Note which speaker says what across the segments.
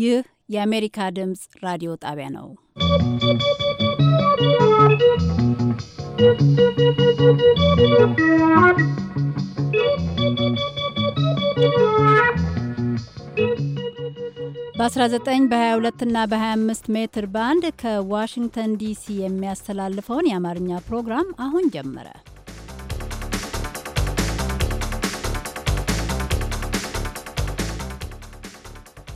Speaker 1: ይህ የአሜሪካ ድምፅ ራዲዮ ጣቢያ ነው። በ19 22 እና በ25 ሜትር ባንድ ከዋሽንግተን ዲሲ የሚያስተላልፈውን የአማርኛ ፕሮግራም አሁን ጀመረ።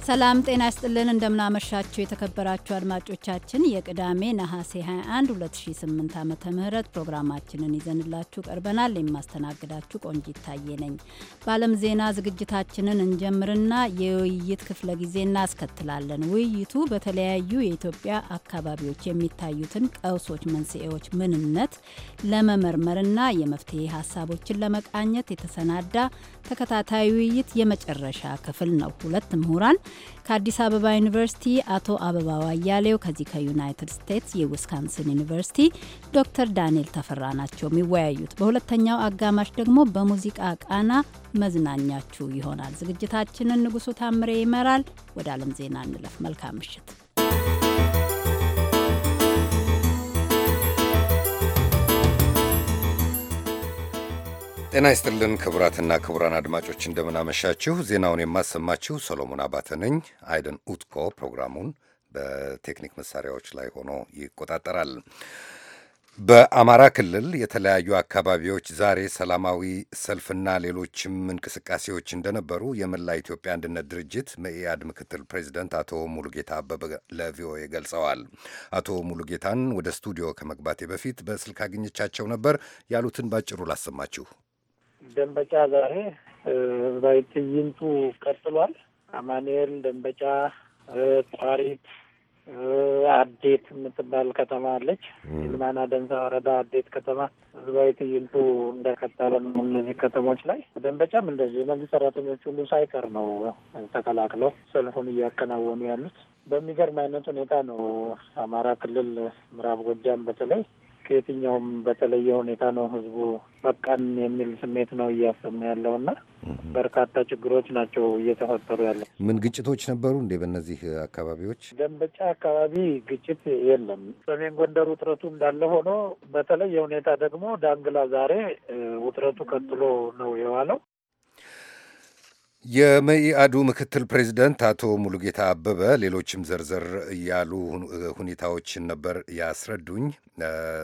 Speaker 1: ሰላም ጤና ይስጥልን። እንደምናመሻችሁ የተከበራችሁ አድማጮቻችን የቅዳሜ ነሐሴ 21 2008 ዓ ም ፕሮግራማችንን ይዘንላችሁ ቀርበናል። የማስተናግዳችሁ ቆንጂ ይታየ ነኝ። በዓለም ዜና ዝግጅታችንን እንጀምርና የውይይት ክፍለ ጊዜ እናስከትላለን። ውይይቱ በተለያዩ የኢትዮጵያ አካባቢዎች የሚታዩትን ቀውሶች መንስኤዎች ምንነት ለመመርመርና የመፍትሄ ሀሳቦችን ለመቃኘት የተሰናዳ ተከታታይ ውይይት የመጨረሻ ክፍል ነው። ሁለት ምሁራን ከአዲስ አበባ ዩኒቨርሲቲ አቶ አበባ ዋያሌው፣ ከዚህ ከዩናይትድ ስቴትስ የዊስካንስን ዩኒቨርሲቲ ዶክተር ዳንኤል ተፈራ ናቸው የሚወያዩት። በሁለተኛው አጋማሽ ደግሞ በሙዚቃ ቃና መዝናኛችሁ ይሆናል። ዝግጅታችንን ንጉሱ ታምሬ ይመራል። ወደ ዓለም ዜና እንለፍ። መልካም ምሽት።
Speaker 2: ጤና ይስጥልን ክቡራትና ክቡራን አድማጮች እንደምናመሻችሁ። ዜናውን የማሰማችሁ ሰሎሞን አባተ ነኝ። አይደን ኡትኮ ፕሮግራሙን በቴክኒክ መሳሪያዎች ላይ ሆኖ ይቆጣጠራል። በአማራ ክልል የተለያዩ አካባቢዎች ዛሬ ሰላማዊ ሰልፍና ሌሎችም እንቅስቃሴዎች እንደነበሩ የመላ ኢትዮጵያ አንድነት ድርጅት መኢአድ ምክትል ፕሬዚደንት አቶ ሙሉጌታ አበበ ለቪኦኤ ገልጸዋል። አቶ ሙሉጌታን ወደ ስቱዲዮ ከመግባቴ በፊት በስልክ አግኝቻቸው ነበር። ያሉትን ባጭሩ ላሰማችሁ።
Speaker 3: ደንበጫ ዛሬ ህዝባዊ ትዕይንቱ ቀጥሏል። አማኑኤል፣
Speaker 4: ደንበጫ፣ ጧሪት፣ አዴት የምትባል ከተማ አለች። ይልማና ደንሳ ወረዳ አዴት ከተማ ህዝባዊ ትዕይንቱ እንደቀጠለ ነው። እነዚህ ከተሞች ላይ ደንበጫም እንደዚህ የመንግስት ሰራተኞች ሁሉ ሳይቀር ነው ተከላክለው ሰልፉን እያከናወኑ ያሉት። በሚገርም አይነት ሁኔታ ነው። አማራ ክልል ምዕራብ ጎጃም በተለይ ከየትኛውም በተለየ ሁኔታ ነው ህዝቡ በቃን የሚል ስሜት ነው እያሰማ ያለው እና በርካታ ችግሮች ናቸው እየተፈጠሩ ያለው።
Speaker 2: ምን ግጭቶች ነበሩ እንዴ? በእነዚህ አካባቢዎች
Speaker 3: ደንበጫ አካባቢ ግጭት የለም። ሰሜን ጎንደር ውጥረቱ እንዳለ ሆኖ በተለየ ሁኔታ ደግሞ ዳንግላ ዛሬ ውጥረቱ ቀጥሎ ነው የዋለው።
Speaker 2: የመኢአዱ ምክትል ፕሬዚደንት አቶ ሙሉጌታ አበበ ሌሎችም ዘርዘር ያሉ ሁኔታዎችን ነበር ያስረዱኝ።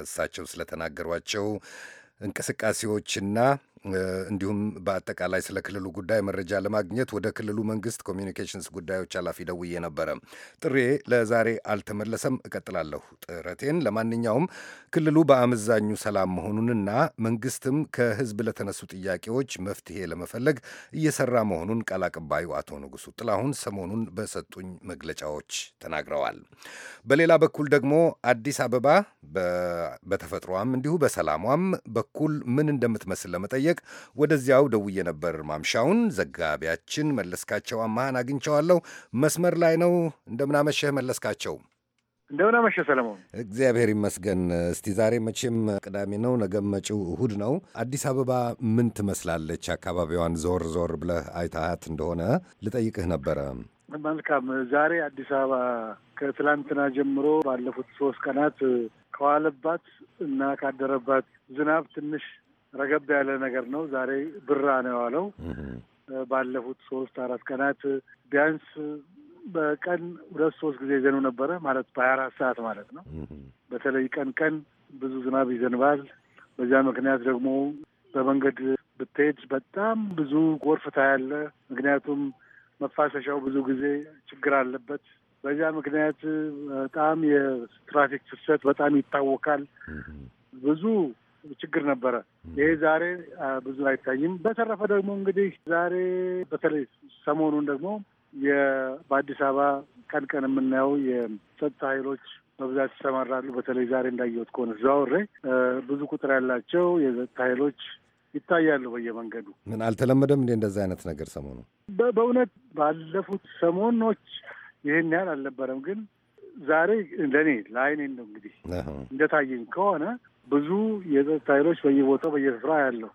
Speaker 2: እሳቸው ስለተናገሯቸው እንቅስቃሴዎችና እንዲሁም በአጠቃላይ ስለ ክልሉ ጉዳይ መረጃ ለማግኘት ወደ ክልሉ መንግስት ኮሚኒኬሽንስ ጉዳዮች ኃላፊ ደውዬ ነበረ። ጥሬ ለዛሬ አልተመለሰም። እቀጥላለሁ ጥረቴን። ለማንኛውም ክልሉ በአመዛኙ ሰላም መሆኑንና መንግስትም ከህዝብ ለተነሱ ጥያቄዎች መፍትሄ ለመፈለግ እየሰራ መሆኑን ቃል አቀባዩ አቶ ንጉሱ ጥላሁን ሰሞኑን በሰጡኝ መግለጫዎች ተናግረዋል። በሌላ በኩል ደግሞ አዲስ አበባ በተፈጥሯም እንዲሁ በሰላሟም በኩል ምን እንደምትመስል ለመጠየቅ ለመጠየቅ ወደዚያው ደውዬ ነበር ማምሻውን። ዘጋቢያችን መለስካቸው አማህን አግኝቸዋለሁ። መስመር ላይ ነው። እንደምናመሸህ መለስካቸው። እንደምናመሸ ሰለሞን። እግዚአብሔር ይመስገን። እስቲ ዛሬ መቼም ቅዳሜ ነው፣ ነገም መጪው እሁድ ነው። አዲስ አበባ ምን ትመስላለች? አካባቢዋን ዞር ዞር ብለህ አይታሃት እንደሆነ ልጠይቅህ ነበረ።
Speaker 3: መልካም። ዛሬ አዲስ አበባ ከትላንትና ጀምሮ ባለፉት ሶስት ቀናት ከዋለባት እና ካደረባት ዝናብ ትንሽ ረገብ ያለ ነገር ነው። ዛሬ ብራ ነው የዋለው። ባለፉት ሶስት አራት ቀናት ቢያንስ በቀን ሁለት ሶስት ጊዜ ይዘኑ ነበረ ማለት በሀያ አራት ሰዓት ማለት ነው። በተለይ ቀን ቀን ብዙ ዝናብ ይዘንባል። በዚያ ምክንያት ደግሞ በመንገድ ብትሄድ በጣም ብዙ ጎርፍ ታያለ። ምክንያቱም መፋሰሻው ብዙ ጊዜ ችግር አለበት። በዚያ ምክንያት በጣም የትራፊክ ፍሰት በጣም ይታወካል። ብዙ ችግር ነበረ። ይሄ ዛሬ ብዙ አይታይም። በተረፈ ደግሞ እንግዲህ ዛሬ በተለይ ሰሞኑን ደግሞ በአዲስ አበባ ቀን ቀን የምናየው የጸጥታ ኃይሎች በብዛት ይሰማራሉ። በተለይ ዛሬ እንዳየሁት ከሆነ ዛውሬ ብዙ ቁጥር ያላቸው የጸጥታ ኃይሎች ይታያሉ በየመንገዱ።
Speaker 2: ምን አልተለመደም እንዴ እንደዛ አይነት ነገር ሰሞኑ?
Speaker 3: በእውነት ባለፉት ሰሞኖች ይህን ያህል አልነበረም፣ ግን ዛሬ ለእኔ ለአይኔ ነው እንግዲህ እንደታየኝ ከሆነ ብዙ የጸጥታ ኃይሎች በየቦታው በየስፍራ ያለው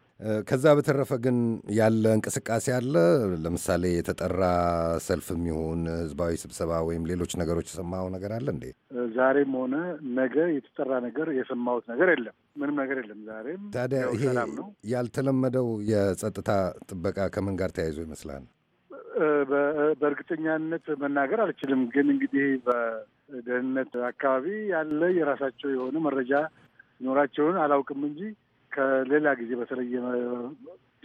Speaker 2: ከዛ በተረፈ ግን ያለ እንቅስቃሴ አለ። ለምሳሌ የተጠራ ሰልፍም ይሁን ህዝባዊ ስብሰባ ወይም ሌሎች ነገሮች የሰማው ነገር አለ እንዴ?
Speaker 3: ዛሬም ሆነ ነገ የተጠራ ነገር የሰማሁት ነገር የለም። ምንም ነገር የለም። ዛሬም ታዲያ ይሄ
Speaker 2: ያልተለመደው የጸጥታ ጥበቃ ከምን ጋር ተያይዞ ይመስላል?
Speaker 3: በእርግጠኛነት መናገር አልችልም። ግን እንግዲህ በደህንነት አካባቢ ያለ የራሳቸው የሆነ መረጃ ኖራቸውን አላውቅም እንጂ ከሌላ ጊዜ በተለየ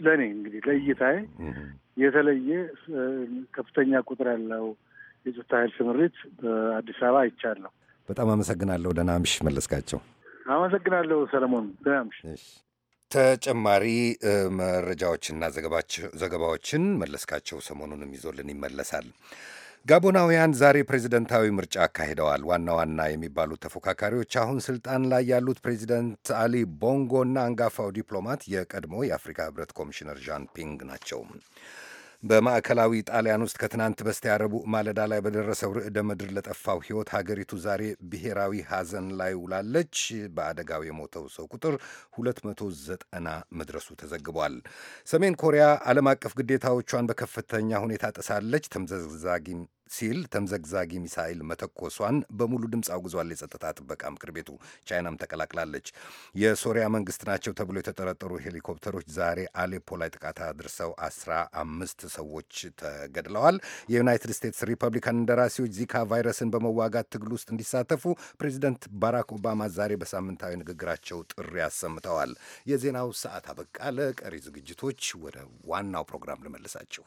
Speaker 3: ለእኔ እንግዲህ ለእይታዬ የተለየ ከፍተኛ ቁጥር ያለው የጸጥታ ኃይል ስምሪት በአዲስ አበባ አይቻለሁ።
Speaker 2: በጣም አመሰግናለሁ። ደህና መለስካቸው።
Speaker 3: አመሰግናለሁ ሰለሞን። ደህና
Speaker 2: ምሽ። ተጨማሪ መረጃዎችና ዘገባዎችን መለስካቸው ሰሞኑንም ይዞልን ይመለሳል። ጋቦናውያን ዛሬ ፕሬዚደንታዊ ምርጫ አካሂደዋል። ዋና ዋና የሚባሉት ተፎካካሪዎች አሁን ስልጣን ላይ ያሉት ፕሬዚደንት አሊ ቦንጎ እና አንጋፋው ዲፕሎማት የቀድሞ የአፍሪካ ህብረት ኮሚሽነር ዣን ፒንግ ናቸው። በማዕከላዊ ጣሊያን ውስጥ ከትናንት በስቲያ ረቡዕ ማለዳ ላይ በደረሰው ርዕደ ምድር ለጠፋው ሕይወት ሀገሪቱ ዛሬ ብሔራዊ ሐዘን ላይ ውላለች። በአደጋው የሞተው ሰው ቁጥር 290 መድረሱ ተዘግቧል። ሰሜን ኮሪያ ዓለም አቀፍ ግዴታዎቿን በከፍተኛ ሁኔታ ጥሳለች፣ ተምዘግዛጊ ሲል ተምዘግዛጊ ሚሳይል መተኮሷን በሙሉ ድምፅ አውግዟል የጸጥታ ጥበቃ ምክር ቤቱ። ቻይናም ተቀላቅላለች። የሶሪያ መንግስት ናቸው ተብሎ የተጠረጠሩ ሄሊኮፕተሮች ዛሬ አሌፖ ላይ ጥቃት አድርሰው አስራ አምስት ሰዎች ተገድለዋል። የዩናይትድ ስቴትስ ሪፐብሊካን እንደራሴዎች ዚካ ቫይረስን በመዋጋት ትግል ውስጥ እንዲሳተፉ ፕሬዚደንት ባራክ ኦባማ ዛሬ በሳምንታዊ ንግግራቸው ጥሪ አሰምተዋል። የዜናው ሰዓት አበቃ። ለቀሪ ዝግጅቶች ወደ ዋናው ፕሮግራም ልመልሳችሁ።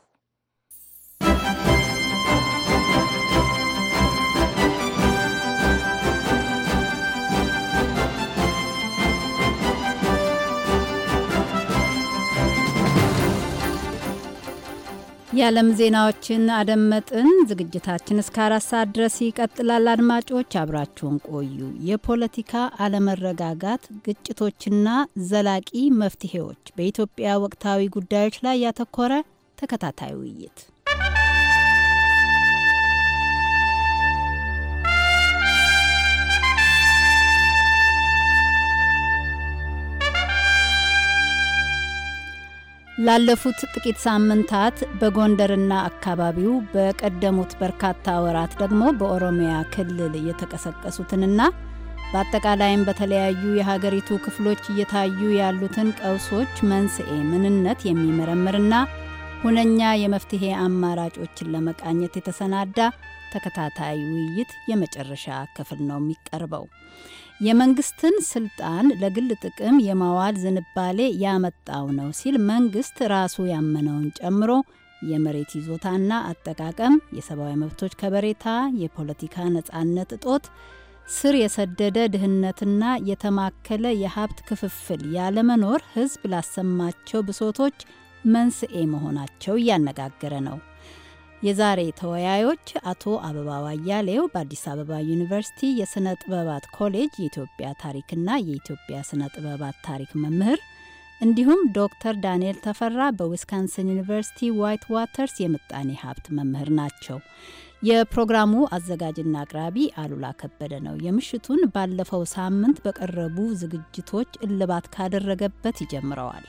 Speaker 1: የዓለም ዜናዎችን አደመጥን። ዝግጅታችን እስከ አራት ሰዓት ድረስ ይቀጥላል። አድማጮች አብራችሁን ቆዩ። የፖለቲካ አለመረጋጋት፣ ግጭቶችና ዘላቂ መፍትሄዎች በኢትዮጵያ ወቅታዊ ጉዳዮች ላይ ያተኮረ ተከታታይ ውይይት ላለፉት ጥቂት ሳምንታት በጎንደርና አካባቢው በቀደሙት በርካታ ወራት ደግሞ በኦሮሚያ ክልል የተቀሰቀሱትንና በአጠቃላይም በተለያዩ የሀገሪቱ ክፍሎች እየታዩ ያሉትን ቀውሶች መንስኤ ምንነት የሚመረምርና ሁነኛ የመፍትሄ አማራጮችን ለመቃኘት የተሰናዳ ተከታታይ ውይይት የመጨረሻ ክፍል ነው የሚቀርበው። የመንግስትን ስልጣን ለግል ጥቅም የማዋል ዝንባሌ ያመጣው ነው ሲል መንግስት ራሱ ያመነውን ጨምሮ የመሬት ይዞታና አጠቃቀም፣ የሰብአዊ መብቶች ከበሬታ፣ የፖለቲካ ነጻነት እጦት፣ ስር የሰደደ ድህነትና የተማከለ የሀብት ክፍፍል ያለመኖር ህዝብ ላሰማቸው ብሶቶች መንስኤ መሆናቸው እያነጋገረ ነው። የዛሬ ተወያዮች አቶ አበባ ዋያሌው በአዲስ አበባ ዩኒቨርሲቲ የሥነ ጥበባት ኮሌጅ የኢትዮጵያ ታሪክና የኢትዮጵያ ሥነ ጥበባት ታሪክ መምህር እንዲሁም ዶክተር ዳንኤል ተፈራ በዊስካንሰን ዩኒቨርሲቲ ዋይት ዋተርስ የምጣኔ ሀብት መምህር ናቸው። የፕሮግራሙ አዘጋጅና አቅራቢ አሉላ ከበደ ነው። የምሽቱን ባለፈው ሳምንት በቀረቡ ዝግጅቶች እልባት ካደረገበት ይጀምረዋል።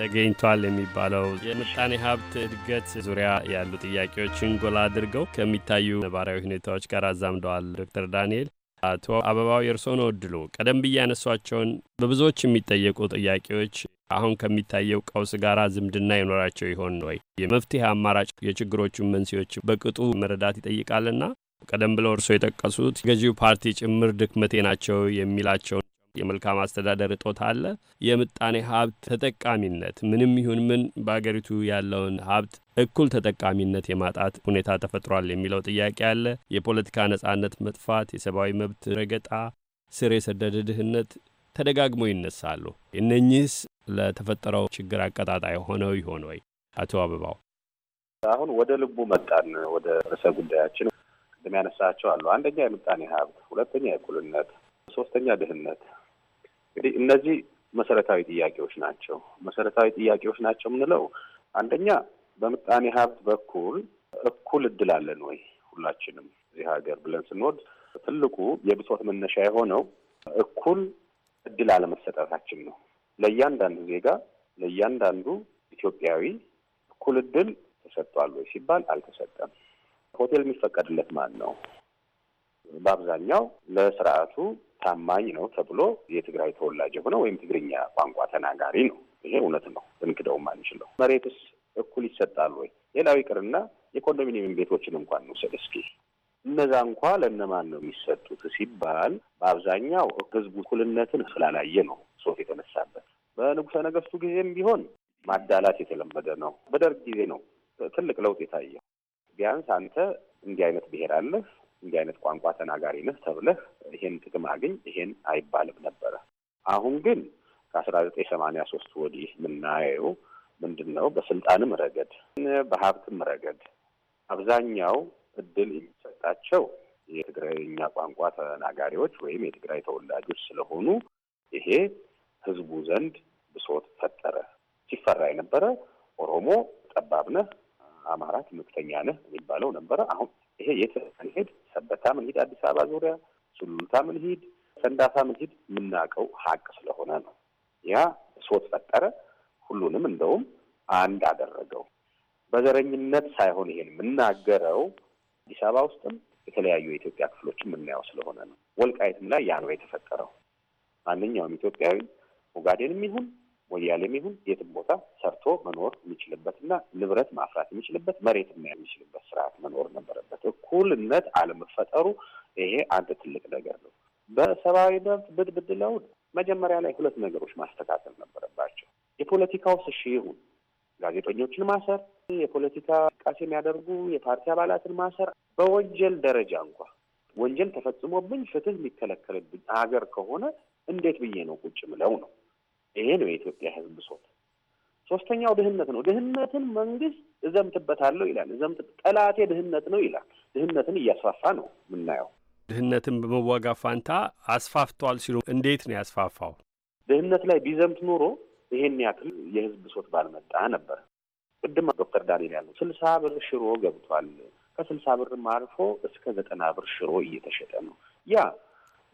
Speaker 5: ተገኝቷል የሚባለው የምጣኔ ሀብት እድገት ዙሪያ ያሉ ጥያቄዎችን ጎላ አድርገው ከሚታዩ ነባራዊ ሁኔታዎች ጋር አዛምደዋል። ዶክተር ዳንኤል አቶ አበባው የእርስዎ ነው እድሉ። ቀደም ብዬ ያነሷቸውን በብዙዎች የሚጠየቁ ጥያቄዎች አሁን ከሚታየው ቀውስ ጋር ዝምድና ይኖራቸው ይሆን ወይ? የመፍትሄ አማራጭ የችግሮቹን መንስኤዎች በቅጡ መረዳት ይጠይቃልና ቀደም ብለው እርስዎ የጠቀሱት ገዢው ፓርቲ ጭምር ድክመቴ ናቸው የሚላቸውን የመልካም አስተዳደር እጦት አለ። የምጣኔ ሀብት ተጠቃሚነት ምንም ይሁን ምን በአገሪቱ ያለውን ሀብት እኩል ተጠቃሚነት የማጣት ሁኔታ ተፈጥሯል የሚለው ጥያቄ አለ። የፖለቲካ ነጻነት መጥፋት፣ የሰብአዊ መብት ረገጣ፣ ስር የሰደደ ድህነት ተደጋግሞ ይነሳሉ። እነኚህስ ለተፈጠረው ችግር አቀጣጣይ ሆነው ይሆን ወይ? አቶ አበባው
Speaker 4: አሁን ወደ ልቡ መጣን። ወደ ርዕሰ ጉዳያችን ቅድም ያነሳቸው አሉ። አንደኛ የምጣኔ ሀብት፣ ሁለተኛ የእኩልነት፣ ሶስተኛ ድህነት፣ እንግዲህ እነዚህ መሰረታዊ ጥያቄዎች ናቸው። መሰረታዊ ጥያቄዎች ናቸው የምንለው አንደኛ በምጣኔ ሀብት በኩል እኩል እድል አለን ወይ? ሁላችንም እዚህ ሀገር ብለን ስንወድ ትልቁ የብሶት መነሻ የሆነው እኩል እድል አለመሰጠታችን ነው። ለእያንዳንዱ ዜጋ ለእያንዳንዱ ኢትዮጵያዊ እኩል እድል ተሰጥቷል ወይ ሲባል አልተሰጠም። ሆቴል የሚፈቀድለት ማን ነው? በአብዛኛው ለስርዓቱ ታማኝ ነው ተብሎ የትግራይ ተወላጅ የሆነ ወይም ትግርኛ ቋንቋ ተናጋሪ ነው። ይሄ እውነት ነው፣ እንክደውም አንችለው። መሬትስ እኩል ይሰጣል ወይ? ሌላው ይቅርና የኮንዶሚኒየም ቤቶችን እንኳን እንውሰድ እስኪ እነዛ እንኳ ለእነማን ነው የሚሰጡት ሲባል በአብዛኛው ህዝቡ እኩልነትን ስላላየ ነው ሶት የተነሳበት። በንጉሠ ነገሥቱ ጊዜም ቢሆን ማዳላት የተለመደ ነው። በደርግ ጊዜ ነው ትልቅ ለውጥ የታየው። ቢያንስ አንተ እንዲህ አይነት ብሔር አለህ እንዲህ አይነት ቋንቋ ተናጋሪ ነህ ተብለህ ይሄን ጥቅም አግኝ ይሄን አይባልም ነበረ። አሁን ግን ከአስራ ዘጠኝ ሰማንያ ሶስት ወዲህ የምናየው ምንድን ነው? በስልጣንም ረገድ በሀብትም ረገድ አብዛኛው እድል የሚሰጣቸው የትግራይኛ ቋንቋ ተናጋሪዎች ወይም የትግራይ ተወላጆች ስለሆኑ ይሄ ህዝቡ ዘንድ ብሶት ፈጠረ። ሲፈራ የነበረ ኦሮሞ ጠባብ ነህ፣ አማራ ትምክተኛ ነህ የሚባለው ነበረ። አሁን ይሄ የት እንሂድ፣ ሰበታም እንሂድ፣ አዲስ አበባ ዙሪያ ሱሉልታም እንሂድ፣ ሰንዳፋም እንሂድ የምናውቀው ሀቅ ስለሆነ ነው። ያ ሶት ፈጠረ፣ ሁሉንም እንደውም አንድ አደረገው። በዘረኝነት ሳይሆን ይሄን የምናገረው አዲስ አበባ ውስጥም የተለያዩ የኢትዮጵያ ክፍሎች የምናየው ስለሆነ ነው። ወልቃይትም ላይ ያ ነው የተፈጠረው። ማንኛውም ኢትዮጵያዊ ኦጋዴንም ይሁን ሞያሌም ይሁን የትም ቦታ ሰርቶ መኖር የሚችልበትና ንብረት ማፍራት የሚችልበት ና የሚችልበት ስርዓት መኖር ነበረበት። እኩልነት አለመፈጠሩ ይሄ አንድ ትልቅ ነገር ነው። በሰብአዊ መብት ብትብድለው መጀመሪያ ላይ ሁለት ነገሮች ማስተካከል ነበረባቸው። የፖለቲካው ስሺ ይሁን ጋዜጠኞችን ማሰር፣ የፖለቲካ እንቅስቃሴ የሚያደርጉ የፓርቲ አባላትን ማሰር፣ በወንጀል ደረጃ እንኳ ወንጀል ተፈጽሞብኝ ፍትህ የሚከለከልብኝ ሀገር ከሆነ እንዴት ብዬ ነው ቁጭ ምለው ነው ይሄ ነው የኢትዮጵያ ህዝብ ብሶት። ሶስተኛው ድህነት ነው። ድህነትን መንግስት እዘምትበታለሁ ይላል። እዘምት ጠላቴ ድህነት ነው ይላል። ድህነትን እያስፋፋ ነው የምናየው።
Speaker 5: ድህነትን በመዋጋ ፋንታ አስፋፍቷል ሲሉ እንዴት ነው ያስፋፋው?
Speaker 4: ድህነት ላይ ቢዘምት ኖሮ ይሄን ያክል የህዝብ ብሶት ባልመጣ ነበር። ቅድም ዶክተር ዳንኤል ያለው ስልሳ ብር ሽሮ ገብቷል። ከስልሳ ብርም አልፎ እስከ ዘጠና ብር ሽሮ እየተሸጠ ነው። ያ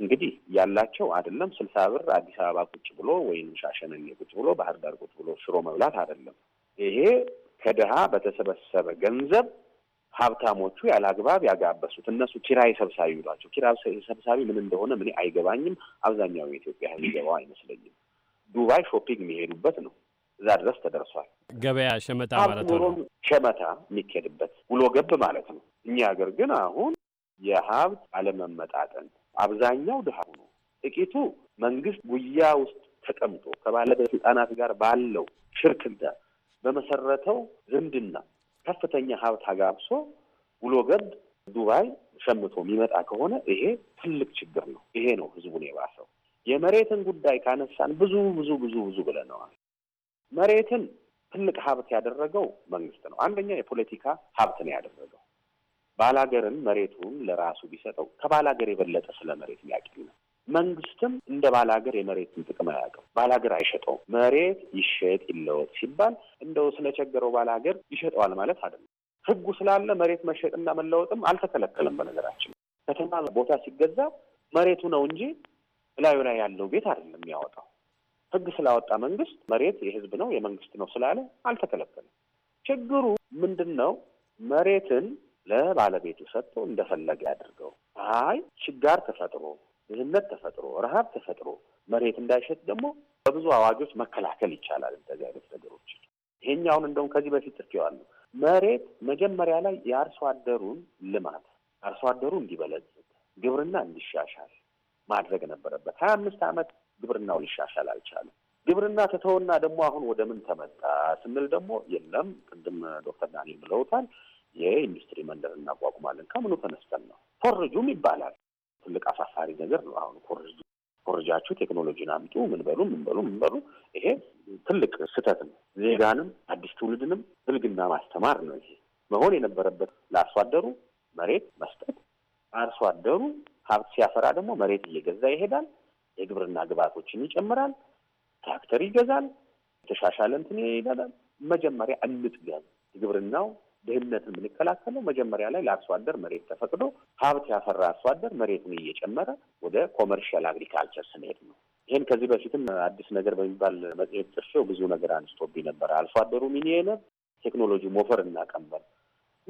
Speaker 4: እንግዲህ ያላቸው አይደለም ስልሳ ብር አዲስ አበባ ቁጭ ብሎ ወይም ሻሸመኔ ቁጭ ብሎ ባህር ዳር ቁጭ ብሎ ሽሮ መብላት አይደለም። ይሄ ከድሃ በተሰበሰበ ገንዘብ ሀብታሞቹ ያለ አግባብ ያጋበሱት እነሱ ኪራይ ሰብሳቢ ይሏቸው። ኪራይ ሰብሳቢ ምን እንደሆነ ምን አይገባኝም። አብዛኛው የኢትዮጵያ ሕዝብ ይገባው አይመስለኝም። ዱባይ ሾፒንግ የሚሄዱበት ነው። እዛ ድረስ ተደርሷል።
Speaker 5: ገበያ ሸመታ ማለት ነው።
Speaker 4: ሸመታ የሚካሄድበት ውሎ ገብ ማለት ነው። እኛ ሀገር ግን አሁን የሀብት አለመመጣጠን አብዛኛው ድሃ ሆኖ ጥቂቱ መንግስት ጉያ ውስጥ ተቀምጦ ከባለስልጣናት ጋር ባለው ሽርክና በመሰረተው ዝምድና ከፍተኛ ሀብት አጋብሶ ውሎ ገብ ዱባይ ሸምቶ የሚመጣ ከሆነ ይሄ ትልቅ ችግር ነው። ይሄ ነው ህዝቡን የባሰው። የመሬትን ጉዳይ ካነሳን ብዙ ብዙ ብዙ ብዙ ብለነዋል። መሬትን ትልቅ ሀብት ያደረገው መንግስት ነው። አንደኛ የፖለቲካ ሀብት ነው ያደረገው። ባላገርን መሬቱን ለራሱ ቢሰጠው ከባላገር የበለጠ ስለ መሬት ያውቅ ነው። መንግስትም እንደ ባላገር የመሬትን ጥቅም አያውቅም። ባላገር አይሸጠውም። መሬት ይሸጥ ይለወጥ ሲባል እንደው ስለቸገረው ባላገር ይሸጠዋል ማለት አይደለም። ህጉ ስላለ መሬት መሸጥና መለወጥም አልተከለከለም። በነገራችን ከተማ ቦታ ሲገዛ መሬቱ ነው እንጂ እላዩ ላይ ያለው ቤት አይደለም የሚያወጣው። ህግ ስላወጣ መንግስት መሬት የህዝብ ነው የመንግስት ነው ስላለ አልተከለከለም። ችግሩ ምንድን ነው? መሬትን ለባለቤቱ ሰጥቶ እንደፈለገ ያድርገው። አይ ችጋር ተፈጥሮ፣ ድህነት ተፈጥሮ፣ ረሀብ ተፈጥሮ መሬት እንዳይሸጥ ደግሞ በብዙ አዋጆች መከላከል ይቻላል። እንደዚህ አይነት ነገሮች ይሄኛውን እንደውም ከዚህ በፊት ጽፌዋለሁ። መሬት መጀመሪያ ላይ የአርሶ አደሩን ልማት አርሶ አደሩ እንዲበለጽግ ግብርና እንዲሻሻል ማድረግ ነበረበት። ሀያ አምስት ዓመት ግብርናው ሊሻሻል አልቻለም። ግብርና ተተወና ደግሞ አሁን ወደ ምን ተመጣ ስንል ደግሞ የለም ቅድም ዶክተር ዳንኤል ብለውታል የኢንዱስትሪ መንደር እናቋቁማለን ከምኑ ተነስተን ነው? ኮርጁም ይባላል። ትልቅ አሳሳሪ ነገር ነው። አሁን ኮርጅ ኮርጃችሁ ቴክኖሎጂን አምጡ፣ ምን በሉ ምን በሉ ምን በሉ። ይሄ ትልቅ ስህተት ነው። ዜጋንም አዲስ ትውልድንም ብልግና ማስተማር ነው። ይሄ መሆን የነበረበት ለአርሶ አደሩ መሬት መስጠት፣ አርሶ አደሩ ሀብት ሲያፈራ ደግሞ መሬት እየገዛ ይሄዳል። የግብርና ግብዓቶችን ይጨምራል። ትራክተር ይገዛል። የተሻሻለ እንትን ይሄዳል። መጀመሪያ እንትገብ የግብርናው ድህነትን የምንከላከለው መጀመሪያ ላይ ለአርሶ አደር መሬት ተፈቅዶ ሀብት ያፈራ አርሶ አደር መሬቱን እየጨመረ ወደ ኮመርሻል አግሪካልቸር ስንሄድ ነው። ይህን ከዚህ በፊትም አዲስ ነገር በሚባል መጽሔት ጽፌው ብዙ ነገር አንስቶብኝ ነበረ። አርሶ አደሩ ሚሊየነር፣ ቴክኖሎጂ ሞፈር እናቀንበር።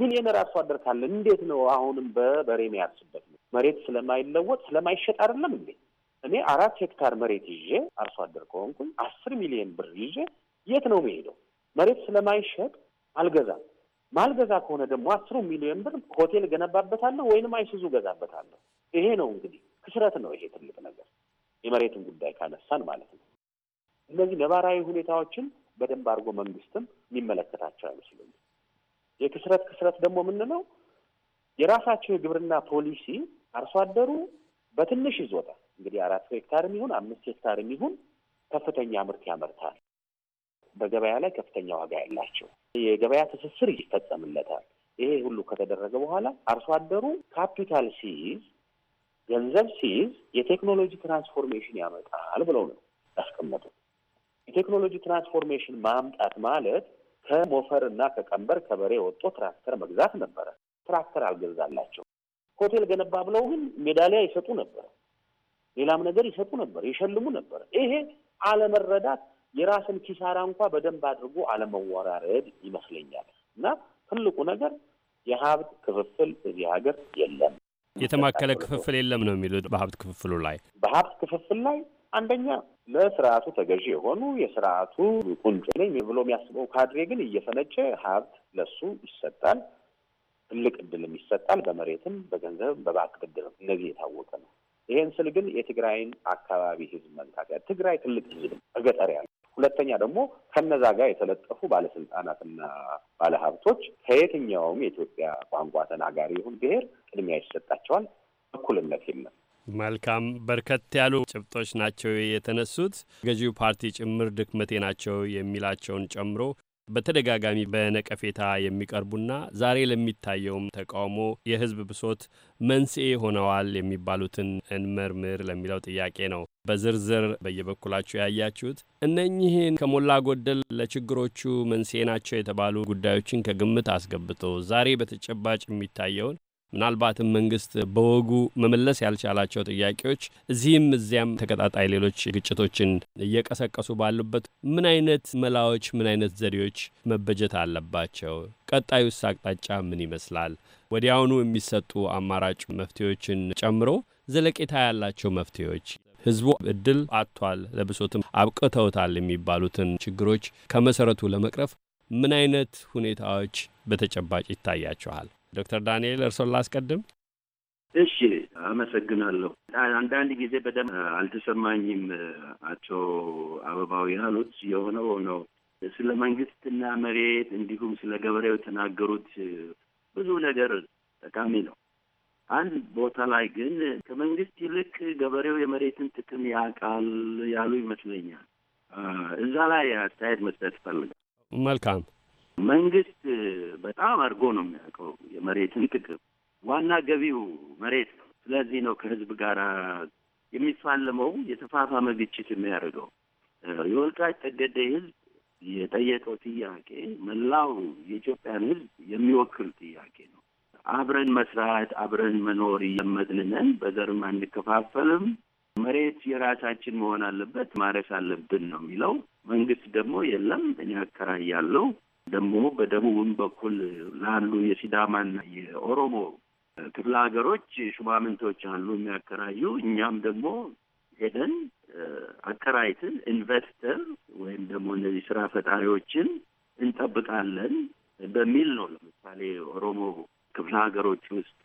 Speaker 4: ሚሊየነር አርሶ አደር ካለ እንዴት ነው አሁንም በበሬ ያርስበት ነው? መሬት ስለማይለወጥ ስለማይሸጥ አይደለም እንዴ? እኔ አራት ሄክታር መሬት ይዤ አርሶ አደር ከሆንኩኝ አስር ሚሊዮን ብር ይዤ የት ነው መሄደው? መሬት ስለማይሸጥ አልገዛም። ማልገዛ ከሆነ ደግሞ አስሩ ሚሊዮን ብር ሆቴል ገነባበታለሁ ወይንም አይሱዙ ገዛበታለሁ። ይሄ ነው እንግዲህ ክስረት ነው። ይሄ ትልቅ ነገር የመሬትን ጉዳይ ካነሳን ማለት ነው። እነዚህ ነባራዊ ሁኔታዎችን በደንብ አድርጎ መንግስትም የሚመለከታቸው አይመስለኝም። የክስረት ክስረት ደግሞ የምንለው የራሳቸው የግብርና ፖሊሲ አርሶ አደሩ በትንሽ ይዞታ እንግዲህ አራት ሄክታር የሚሆን አምስት ሄክታር የሚሆን ከፍተኛ ምርት ያመርታል። በገበያ ላይ ከፍተኛ ዋጋ ያላቸው የገበያ ትስስር ይፈጸምለታል። ይሄ ሁሉ ከተደረገ በኋላ አርሶ አደሩ ካፒታል ሲይዝ ገንዘብ ሲይዝ የቴክኖሎጂ ትራንስፎርሜሽን ያመጣል ብለው ነው ያስቀመጡ። የቴክኖሎጂ ትራንስፎርሜሽን ማምጣት ማለት ከሞፈር እና ከቀንበር ከበሬ ወጦ ትራክተር መግዛት ነበረ። ትራክተር አልገዛላቸው። ሆቴል ገነባ ብለው ግን ሜዳሊያ ይሰጡ ነበር፣ ሌላም ነገር ይሰጡ ነበር፣ ይሸልሙ ነበር። ይሄ አለመረዳት የራስን ኪሳራ እንኳ በደንብ አድርጎ አለመወራረድ ይመስለኛል። እና ትልቁ ነገር የሀብት ክፍፍል እዚህ ሀገር የለም፣
Speaker 5: የተማከለ ክፍፍል የለም ነው የሚሉት። በሀብት ክፍፍሉ ላይ
Speaker 4: በሀብት ክፍፍል ላይ አንደኛ ለስርዓቱ ተገዢ የሆኑ የስርዓቱ ቁንጮ ነኝ ብሎ የሚያስበው ካድሬ ግን እየፈነጨ ሀብት ለሱ ይሰጣል። ትልቅ እድልም ይሰጣል፣ በመሬትም፣ በገንዘብም፣ በባንክ ብድርም። እነዚህ የታወቀ ነው። ይሄን ስል ግን የትግራይን አካባቢ ህዝብ መንካት ትግራይ ትልቅ ህዝብ ገጠር ያለ ሁለተኛ ደግሞ ከነዛ ጋር የተለጠፉ ባለስልጣናትና ባለሀብቶች ከየትኛውም የኢትዮጵያ ቋንቋ ተናጋሪ ይሁን ብሔር ቅድሚያ ይሰጣቸዋል። እኩልነት የለም።
Speaker 5: መልካም በርከት ያሉ ጭብጦች ናቸው የተነሱት። ገዢው ፓርቲ ጭምር ድክመቴ ናቸው የሚላቸውን ጨምሮ በተደጋጋሚ በነቀፌታ የሚቀርቡና ዛሬ ለሚታየውም ተቃውሞ የህዝብ ብሶት መንስኤ ሆነዋል የሚባሉትን እንመርምር ለሚለው ጥያቄ ነው። በዝርዝር በየበኩላችሁ ያያችሁት እነኚህን ከሞላ ጎደል ለችግሮቹ መንስኤ ናቸው የተባሉ ጉዳዮችን ከግምት አስገብቶ ዛሬ በተጨባጭ የሚታየውን ምናልባትም መንግስት በወጉ መመለስ ያልቻላቸው ጥያቄዎች እዚህም እዚያም ተቀጣጣይ ሌሎች ግጭቶችን እየቀሰቀሱ ባሉበት ምን አይነት መላዎች፣ ምን አይነት ዘዴዎች መበጀት አለባቸው? ቀጣዩስ አቅጣጫ ምን ይመስላል? ወዲያውኑ የሚሰጡ አማራጭ መፍትሄዎችን ጨምሮ ዘለቄታ ያላቸው መፍትሄዎች ህዝቡ እድል አጥቷል፣ ለብሶትም አብቅተውታል የሚባሉትን ችግሮች ከመሰረቱ ለመቅረፍ ምን አይነት ሁኔታዎች በተጨባጭ ይታያቸዋል? ዶክተር ዳንኤል እርሶን ላስቀድም።
Speaker 4: እሺ አመሰግናለሁ። አንዳንድ ጊዜ በደንብ አልተሰማኝም አቶ አበባው ያሉት የሆነው ነው። ስለ መንግስትና መሬት እንዲሁም ስለ ገበሬው የተናገሩት ብዙ ነገር ጠቃሚ ነው። አንድ ቦታ ላይ ግን ከመንግስት ይልቅ ገበሬው የመሬትን ጥቅም ያውቃል ያሉ ይመስለኛል። እዛ ላይ አስተያየት መስጠት ይፈልጋል። መልካም መንግስት በጣም አድርጎ ነው የሚያውቀው የመሬትን ጥቅም። ዋና ገቢው መሬት ነው። ስለዚህ ነው ከህዝብ ጋር የሚፋለመው የተፋፋመ ግጭት የሚያደርገው። የወልቃይት ጠገዴ ህዝብ የጠየቀው ጥያቄ መላው የኢትዮጵያን ህዝብ የሚወክል ጥያቄ ነው። አብረን መስራት፣ አብረን መኖር እየመጥንነን በዘርም አንከፋፈልም መሬት የራሳችን መሆን አለበት ማረስ አለብን ነው የሚለው። መንግስት ደግሞ የለም እኔ አከራያለሁ ደግሞ በደቡብም በኩል ላሉ የሲዳማና የኦሮሞ ክፍለ ሀገሮች ሹማምንቶች አሉ የሚያከራዩ። እኛም ደግሞ ሄደን አከራይትን ኢንቨስተር ወይም ደግሞ እነዚህ ስራ ፈጣሪዎችን እንጠብቃለን በሚል ነው። ለምሳሌ ኦሮሞ ክፍለ ሀገሮች ውስጥ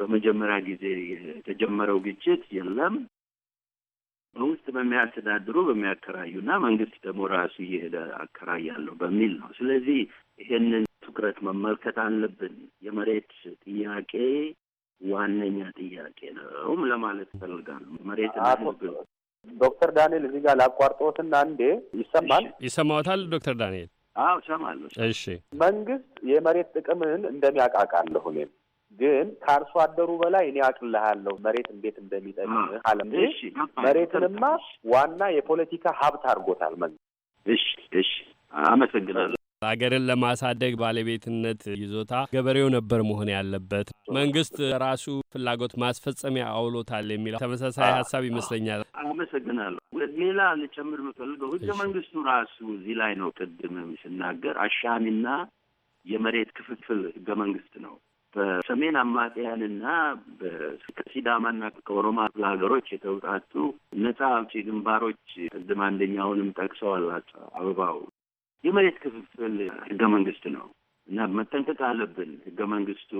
Speaker 4: በመጀመሪያ ጊዜ የተጀመረው ግጭት የለም ውስጥ በሚያስተዳድሩ በሚያከራዩ በሚያከራዩና መንግስት ደግሞ ራሱ እየሄደ አከራያለሁ በሚል ነው። ስለዚህ ይሄንን ትኩረት መመልከት አለብን። የመሬት ጥያቄ ዋነኛ ጥያቄ ነው ለማለት እፈልጋለሁ። መሬት ዶክተር ዳንኤል እዚህ ጋር ላቋርጦትና እንዴ ይሰማል?
Speaker 5: ይሰማዎታል ዶክተር ዳንኤል?
Speaker 4: አዎ እሰማለሁ። እሺ መንግስት የመሬት ጥቅምን እንደሚያቃቃለሁ እኔም ግን ከአርሶ አደሩ በላይ እኔ አቅልሃለሁ መሬት እንዴት እንደሚጠቅም አለ። መሬትንማ ዋና የፖለቲካ ሀብት አድርጎታል መንግስት።
Speaker 5: እሺ፣ እሺ፣ አመሰግናለሁ። አገርን ለማሳደግ ባለቤትነት ይዞታ ገበሬው ነበር መሆን ያለበት። መንግስት ራሱ ፍላጎት ማስፈጸሚያ አውሎታል የሚለው ተመሳሳይ ሀሳብ ይመስለኛል። አመሰግናለሁ። ሌላ ልጨምር የምፈልገው ህገ መንግስቱ
Speaker 4: ራሱ እዚህ ላይ ነው። ቅድም ስናገር አሻሚና የመሬት ክፍፍል ህገ መንግስት ነው በሰሜን አማጽያንና ከሲዳማና ከኦሮሞ ክፍለ ሀገሮች የተውጣጡ ነጻ አውጪ ግንባሮች ቅድም አንደኛውንም ጠቅሰዋል አበባው የመሬት ክፍፍል ህገ መንግስት ነው እና መጠንቀቅ አለብን። ህገ መንግስቱ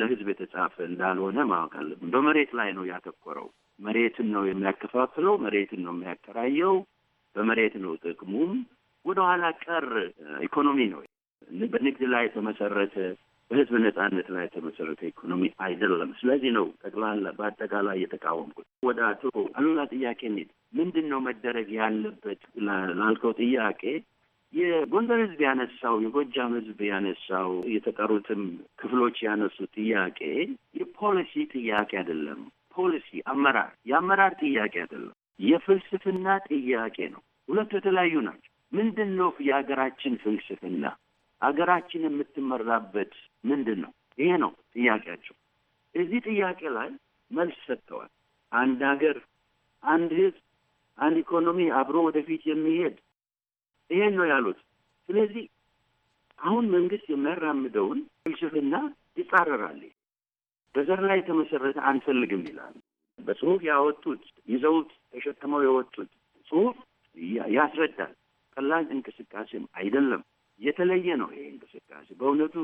Speaker 4: ለህዝብ የተጻፈ እንዳልሆነ ማወቅ አለብን። በመሬት ላይ ነው ያተኮረው። መሬትን ነው የሚያከፋፍለው፣ መሬትን ነው የሚያከራየው፣ በመሬት ነው ጥቅሙም። ወደኋላ ቀር ኢኮኖሚ ነው፣ በንግድ ላይ የተመሰረተ በህዝብ ነጻነት ላይ የተመሰረተ ኢኮኖሚ አይደለም። ስለዚህ ነው ጠቅላላ በአጠቃላይ የተቃወምኩት። ወደ አቶ አሉላ ጥያቄ እንሂድ። ምንድን ነው መደረግ ያለበት ላልከው ጥያቄ የጎንደር ህዝብ ያነሳው፣ የጎጃም ህዝብ ያነሳው፣ የተቀሩትም ክፍሎች ያነሱ ጥያቄ የፖሊሲ ጥያቄ አይደለም። ፖሊሲ አመራር፣ የአመራር ጥያቄ አይደለም። የፍልስፍና ጥያቄ ነው። ሁለቱ የተለያዩ ናቸው። ምንድን ነው የሀገራችን ፍልስፍና? አገራችን የምትመራበት ምንድን ነው? ይሄ ነው ጥያቄያቸው። እዚህ ጥያቄ ላይ መልስ ሰጥተዋል። አንድ ሀገር፣ አንድ ህዝብ፣ አንድ ኢኮኖሚ አብሮ ወደፊት የሚሄድ ይሄን ነው ያሉት። ስለዚህ አሁን መንግስት የሚያራምደውን ፍልስፍና ይጻረራል። በዘር ላይ የተመሰረተ አንፈልግም ይላል። በጽሁፍ ያወጡት ይዘውት ተሸክመው የወጡት ጽሁፍ ያስረዳል። ቀላል እንቅስቃሴም አይደለም። የተለየ ነው ይሄ እንቅስቃሴ። በእውነቱ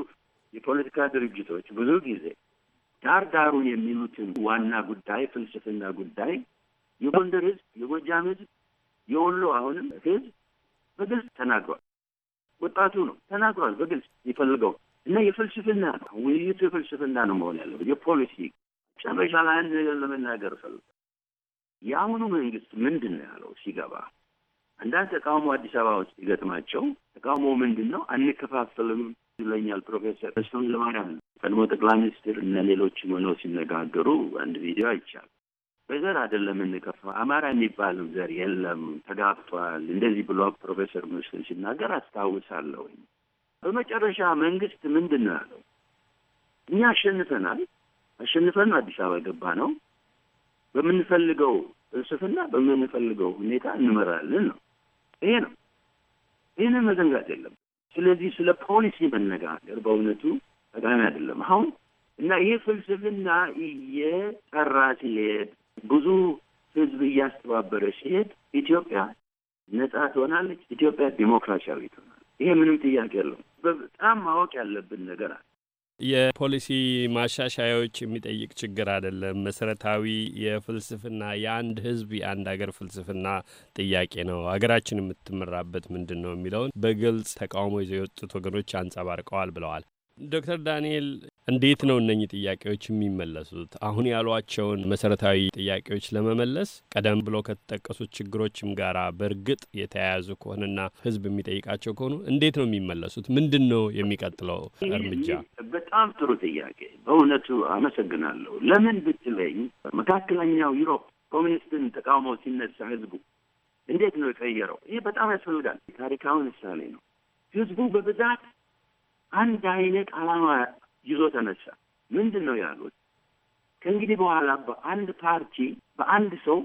Speaker 4: የፖለቲካ ድርጅቶች ብዙ ጊዜ ዳር ዳሩን የሚሉትን ዋና ጉዳይ ፍልስፍና ጉዳይ የጎንደር ህዝብ የጎጃም ህዝብ የወሎ አሁንም ህዝብ በግልጽ ተናግሯል። ወጣቱ ነው ተናግሯል በግልጽ ይፈልገው እና የፍልስፍና ነው ውይይቱ የፍልስፍና ነው መሆን ያለው የፖሊሲ ጨረሻ ላይ ነገር ለመናገር ፈልጋል። የአሁኑ መንግስት ምንድን ነው ያለው ሲገባ አንዳንድ ተቃውሞ አዲስ አበባ ውስጥ ይገጥማቸው። ተቃውሞ ምንድን ነው? አንከፋፈልም ይለኛል ፕሮፌሰር እሱን ለማርያም ነው። ቀድሞ ጠቅላይ ሚኒስትር እና ሌሎች ሆነው ሲነጋገሩ አንድ ቪዲዮ አይቻል። በዘር አይደለም እንከፋ አማራ የሚባልም ዘር የለም ተጋብቷል፣ እንደዚህ ብሎ ፕሮፌሰር መስፍን ሲናገር አስታውሳለሁ። በመጨረሻ መንግስት ምንድን ነው ያለው? እኛ አሸንፈናል፣ አሸንፈን አዲስ አበባ ገባ ነው በምንፈልገው ፍልስፍና በምንፈልገው ሁኔታ እንመራለን ነው ይሄ ነው። ይህንን መዘንጋት የለም። ስለዚህ ስለ ፖሊሲ መነጋገር በእውነቱ
Speaker 1: ጠቃሚ አይደለም አሁን
Speaker 4: እና ይሄ ፍልስፍና እየጠራ ሲሄድ ብዙ ህዝብ እያስተባበረ ሲሄድ ኢትዮጵያ ነጻ ትሆናለች፣ ኢትዮጵያ ዲሞክራሲያዊ ትሆናለች። ይሄ ምንም ጥያቄ የለውም። በጣም ማወቅ ያለብን ነገር አለ።
Speaker 5: የፖሊሲ ማሻሻያዎች የሚጠይቅ ችግር አይደለም። መሰረታዊ የፍልስፍና የአንድ ህዝብ የአንድ ሀገር ፍልስፍና ጥያቄ ነው። ሀገራችን የምትመራበት ምንድን ነው የሚለውን በግልጽ ተቃውሞ ይዘው የወጡት ወገኖች አንጸባርቀዋል ብለዋል ዶክተር ዳንኤል እንዴት ነው እነኚህ ጥያቄዎች የሚመለሱት? አሁን ያሏቸውን መሰረታዊ ጥያቄዎች ለመመለስ ቀደም ብሎ ከተጠቀሱት ችግሮችም ጋር በእርግጥ የተያያዙ ከሆነና ህዝብ የሚጠይቃቸው ከሆኑ እንዴት ነው የሚመለሱት? ምንድን ነው የሚቀጥለው እርምጃ?
Speaker 4: በጣም ጥሩ ጥያቄ። በእውነቱ አመሰግናለሁ። ለምን ብትለኝ መካከለኛው ዩሮፕ ኮሚኒስትን ተቃውሞ ሲነሳ ህዝቡ እንዴት ነው የቀየረው? ይህ በጣም ያስፈልጋል። ታሪካዊ ምሳሌ ነው። ህዝቡ በብዛት አንድ አይነት አላማ ይዞ ተነሳ። ምንድን ነው ያሉት? ከእንግዲህ በኋላ በአንድ ፓርቲ በአንድ ሰው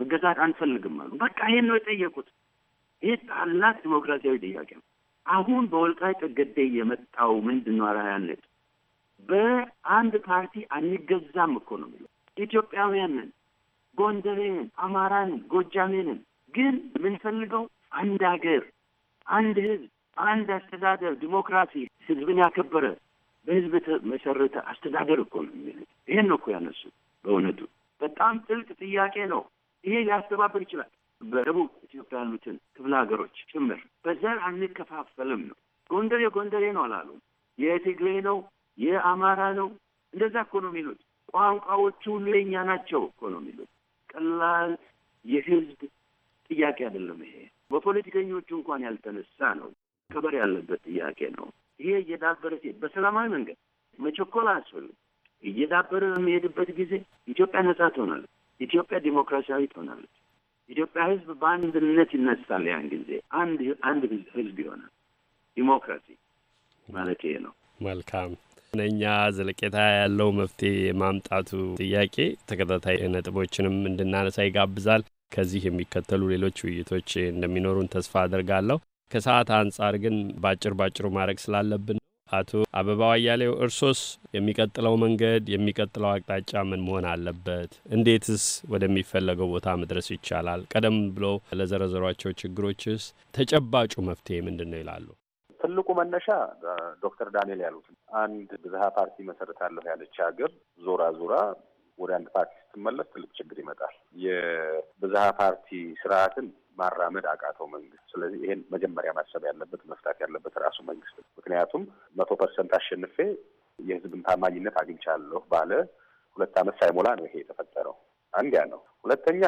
Speaker 4: መገዛት አንፈልግም አሉ። በቃ ይሄን ነው የጠየቁት። ይህ ታላቅ ዲሞክራሲያዊ ጥያቄ ነው። አሁን በወልቃይ ጠገዴ የመጣው ምንድን ነው? አርአያነት በአንድ ፓርቲ አንገዛም እኮ ነው የሚለው ኢትዮጵያውያንን፣ ጎንደሬንን፣ አማራንን፣ ጎጃሜንን ግን የምንፈልገው አንድ ሀገር፣ አንድ ህዝብ፣ አንድ አስተዳደር፣ ዲሞክራሲ ህዝብን ያከበረ በህዝብ የተመሰረተ አስተዳደር እኮ ነው የሚል ይሄን ነው እኮ ያነሱት። በእውነቱ በጣም ጥልቅ ጥያቄ ነው። ይሄ ሊያስተባብር ይችላል። በደቡብ ኢትዮጵያ ያሉትን ክፍለ ሀገሮች ጭምር በዘር አንከፋፈልም ነው። ጎንደሬ የጎንደሬ ነው አላሉ። የትግሬ ነው የአማራ ነው እንደዛ እኮ ነው የሚሉት። ቋንቋዎቹ ሁሉ የኛ ናቸው እኮ ነው የሚሉት። ቀላል የህዝብ ጥያቄ አይደለም ይሄ። በፖለቲከኞቹ እንኳን ያልተነሳ ነው።
Speaker 6: ከበር ያለበት
Speaker 4: ጥያቄ ነው። ይሄ እየዳበረ ሲሄድ በሰላማዊ መንገድ መቸኮል አያስፈልግም። እየዳበረ በሚሄድበት ጊዜ ኢትዮጵያ ነጻ ትሆናለች። ኢትዮጵያ ዲሞክራሲያዊ ትሆናለች። ኢትዮጵያ ሕዝብ በአንድነት ይነሳል። ያን ጊዜ አንድ አንድ ሕዝብ ይሆናል። ዲሞክራሲ
Speaker 5: ማለት ይሄ ነው። መልካም ነኛ ዘለቄታ ያለው መፍትሄ የማምጣቱ ጥያቄ ተከታታይ ነጥቦችንም እንድናነሳ ይጋብዛል። ከዚህ የሚከተሉ ሌሎች ውይይቶች እንደሚኖሩን ተስፋ አድርጋለሁ። ከሰዓት አንጻር ግን ባጭር ባጭሩ ማድረግ ስላለብን አቶ አበባው አያሌው እርሶስ የሚቀጥለው መንገድ የሚቀጥለው አቅጣጫ ምን መሆን አለበት? እንዴትስ ወደሚፈለገው ቦታ መድረስ ይቻላል? ቀደም ብሎ ለዘረዘሯቸው ችግሮችስ ተጨባጩ መፍትሄ ምንድን ነው ይላሉ?
Speaker 4: ትልቁ መነሻ ዶክተር ዳንኤል ያሉት አንድ ብዝሃ ፓርቲ መሰረታለሁ ያለች ሀገር ዞራ ዞራ ወደ አንድ ፓርቲ ስትመለስ ትልቅ ችግር ይመጣል። የብዝሃ ፓርቲ ስርዓትን ማራመድ አቃተው መንግስት። ስለዚህ ይሄን መጀመሪያ ማሰብ ያለበት መፍታት ያለበት ራሱ መንግስት ነው። ምክንያቱም መቶ ፐርሰንት አሸንፌ የህዝብን ታማኝነት አግኝቻለሁ ባለ ሁለት ዓመት ሳይሞላ ነው ይሄ የተፈጠረው። አንድ ያ ነው። ሁለተኛ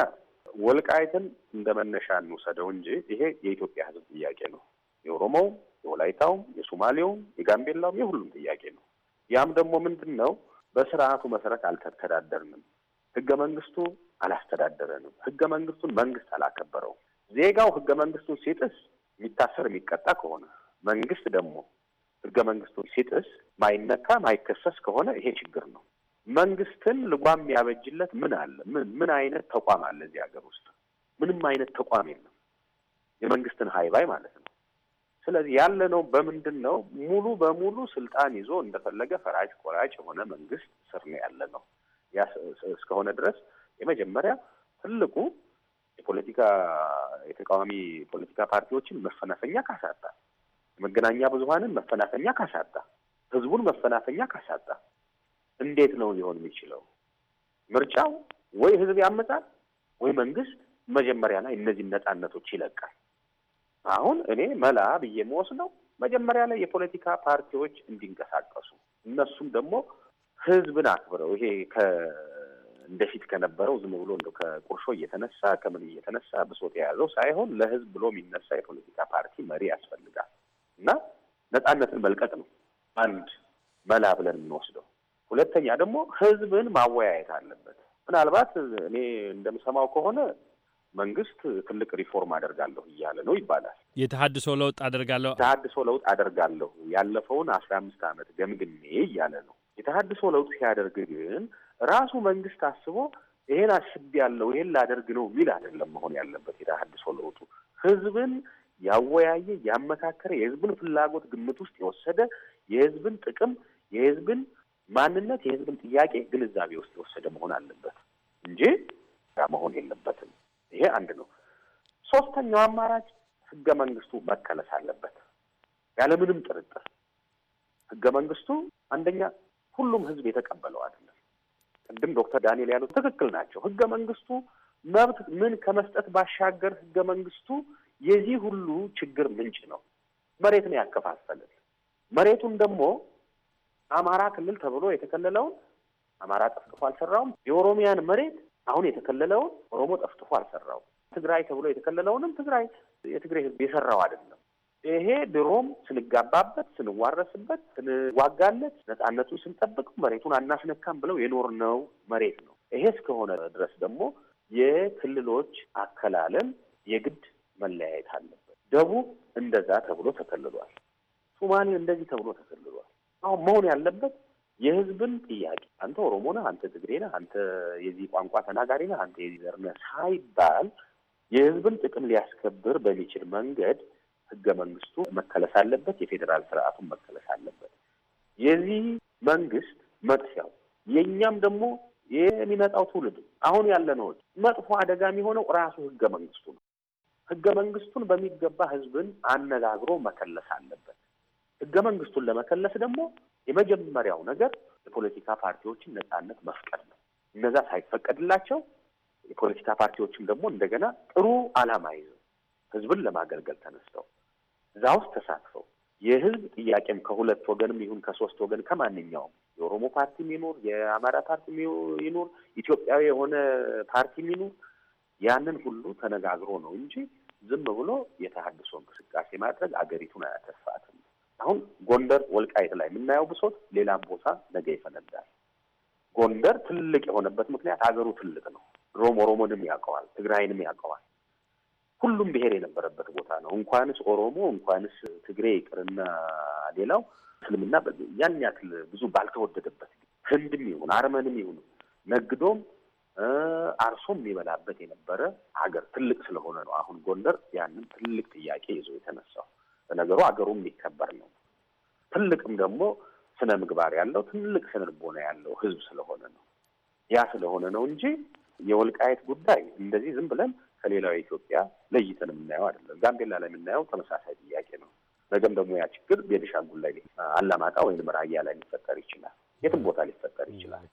Speaker 4: ወልቃይትን እንደ መነሻ እንውሰደው እንጂ ይሄ የኢትዮጵያ ህዝብ ጥያቄ ነው። የኦሮሞውም፣ የወላይታውም፣ የሶማሌውም፣ የጋምቤላውም የሁሉም ጥያቄ ነው። ያም ደግሞ ምንድን ነው በስርዓቱ መሰረት አልተተዳደርንም። ህገ መንግስቱ አላስተዳደረንም። ህገ መንግስቱን መንግስት አላከበረውም። ዜጋው ህገ መንግስቱን ሲጥስ የሚታሰር የሚቀጣ ከሆነ መንግስት ደግሞ ህገ መንግስቱን ሲጥስ ማይነካ ማይከሰስ ከሆነ ይሄ ችግር ነው። መንግስትን ልጓም የሚያበጅለት ምን አለ? ምን ምን አይነት ተቋም አለ እዚህ ሀገር ውስጥ? ምንም አይነት ተቋም የለም። የመንግስትን ሀይባይ ማለት ነው። ስለዚህ ያለነው በምንድን ነው? ሙሉ በሙሉ ስልጣን ይዞ እንደፈለገ ፈራጅ ቆራጭ የሆነ መንግስት ስር ነው ያለ ነው። ያ እስከሆነ ድረስ የመጀመሪያ ትልቁ የፖለቲካ የተቃዋሚ ፖለቲካ ፓርቲዎችን መፈናፈኛ ካሳጣ፣ የመገናኛ ብዙሀንን መፈናፈኛ ካሳጣ፣ ህዝቡን መፈናፈኛ ካሳጣ እንዴት ነው ሊሆን የሚችለው? ምርጫው ወይ ህዝብ ያመጣል ወይ መንግስት መጀመሪያ ላይ እነዚህን ነጻነቶች ይለቃል። አሁን እኔ መላ ብዬ የምወስደው መጀመሪያ ላይ የፖለቲካ ፓርቲዎች እንዲንቀሳቀሱ እነሱም ደግሞ ህዝብን አክብረው ይሄ እንደፊት ከነበረው ዝም ብሎ እንደው ከቁርሾ እየተነሳ ከምን እየተነሳ ብሶት የያዘው ሳይሆን ለህዝብ ብሎ የሚነሳ የፖለቲካ ፓርቲ መሪ ያስፈልጋል እና ነጻነትን መልቀቅ ነው አንድ መላ ብለን የምንወስደው። ሁለተኛ ደግሞ ህዝብን ማወያየት አለበት። ምናልባት እኔ እንደምሰማው ከሆነ መንግስት ትልቅ ሪፎርም አደርጋለሁ እያለ ነው ይባላል።
Speaker 5: የተሀድሶ ለውጥ አደርጋለሁ
Speaker 4: የተሀድሶ ለውጥ አደርጋለሁ ያለፈውን አስራ አምስት ዓመት ገምግሜ እያለ ነው። የተሀድሶ ለውጥ ሲያደርግ ግን ራሱ መንግስት አስቦ ይሄን አስቤ ያለው ይሄን ላደርግ ነው የሚል አይደለም መሆን ያለበት የተሃድሶ ለውጡ። ህዝብን ያወያየ፣ ያመካከረ፣ የህዝብን ፍላጎት ግምት ውስጥ የወሰደ የህዝብን ጥቅም፣ የህዝብን ማንነት፣ የህዝብን ጥያቄ ግንዛቤ ውስጥ የወሰደ መሆን አለበት እንጂ መሆን የለበትም። ይሄ አንድ ነው። ሶስተኛው አማራጭ ህገ መንግስቱ መከለስ አለበት ያለምንም ጥርጥር። ህገ መንግስቱ አንደኛ ሁሉም ህዝብ የተቀበለው አይደለም። ቅድም ዶክተር ዳንኤል ያሉት ትክክል ናቸው። ህገ መንግስቱ መብት ምን ከመስጠት ባሻገር ህገ መንግስቱ የዚህ ሁሉ ችግር ምንጭ ነው። መሬት ነው ያከፋፈልን። መሬቱን ደግሞ አማራ ክልል ተብሎ የተከለለውን አማራ ጠፍጥፎ አልሰራውም። የኦሮሚያን መሬት አሁን የተከለለውን ኦሮሞ ጠፍጥፎ አልሰራውም። ትግራይ ተብሎ የተከለለውንም ትግራይ የትግራይ ህዝብ የሰራው አይደለም። ይሄ ድሮም ስንጋባበት፣ ስንዋረስበት፣ ስንዋጋለት፣ ነጻነቱን ስንጠብቅ መሬቱን አናስነካም ብለው የኖርነው መሬት ነው። ይሄ እስከሆነ ድረስ ደግሞ የክልሎች አከላለል የግድ መለያየት አለበት። ደቡብ እንደዛ ተብሎ ተከልሏል። ሱማሌ እንደዚህ ተብሎ ተከልሏል። አሁን መሆን ያለበት የህዝብን ጥያቄ አንተ ኦሮሞ ነህ፣ አንተ ትግሬ ነህ፣ አንተ የዚህ ቋንቋ ተናጋሪ ነህ፣ አንተ የዚህ ዘር ነህ ሳይባል የህዝብን ጥቅም ሊያስከብር በሚችል መንገድ ህገ መንግስቱ መከለስ አለበት። የፌዴራል ስርዓቱን መከለስ አለበት። የዚህ መንግስት መጥፊያው የእኛም ደግሞ የሚመጣው ትውልድ አሁን ያለነዎች መጥፎ አደጋ የሚሆነው ራሱ ህገ መንግስቱ ነው። ህገ መንግስቱን በሚገባ ህዝብን አነጋግሮ መከለስ አለበት። ህገ መንግስቱን ለመከለስ ደግሞ የመጀመሪያው ነገር የፖለቲካ ፓርቲዎችን ነጻነት መፍቀድ ነው። እነዛ ሳይፈቀድላቸው የፖለቲካ ፓርቲዎችም ደግሞ እንደገና ጥሩ አላማ ይዘው ህዝብን ለማገልገል ተነስተው እዛ ውስጥ ተሳትፈው የህዝብ ጥያቄም ከሁለት ወገንም ይሁን ከሶስት ወገን ከማንኛውም የኦሮሞ ፓርቲም ይኑር የአማራ ፓርቲም ይኑር ኢትዮጵያዊ የሆነ ፓርቲም ይኑር ያንን ሁሉ ተነጋግሮ ነው እንጂ ዝም ብሎ የተሀድሶ እንቅስቃሴ ማድረግ አገሪቱን አያተፋትም። አሁን ጎንደር ወልቃይት ላይ የምናየው ብሶት ሌላም ቦታ ነገ ይፈነዳል። ጎንደር ትልቅ የሆነበት ምክንያት ሀገሩ ትልቅ ነው። ድሮም ኦሮሞንም ያውቀዋል፣ ትግራይንም ያውቀዋል። ሁሉም ብሔር የነበረበት ቦታ ነው። እንኳንስ ኦሮሞ እንኳንስ ትግሬ ይቅርና ሌላው እስልምና ያን ያክል ብዙ ባልተወደደበት ህንድም ይሁን አርመንም ይሁን ነግዶም አርሶም የሚበላበት የነበረ ሀገር ትልቅ ስለሆነ ነው። አሁን ጎንደር ያንን ትልቅ ጥያቄ ይዞ የተነሳው በነገሩ ሀገሩም የሚከበር ነው። ትልቅም ደግሞ ስነ ምግባር ያለው ትልቅ ስነ ልቦና ያለው ህዝብ ስለሆነ ነው። ያ ስለሆነ ነው እንጂ የወልቃየት ጉዳይ እንደዚህ ዝም ብለን ከሌላው የኢትዮጵያ ለይተን የምናየው አይደለም። ጋምቤላ ላይ የምናየው ተመሳሳይ ጥያቄ ነው። ነገም ደግሞ ያ ችግር ቤንሻንጉል ላይ፣ አላማጣ ወይም ራያ ላይ ሊፈጠር ይችላል። የትም ቦታ ሊፈጠር ይችላል።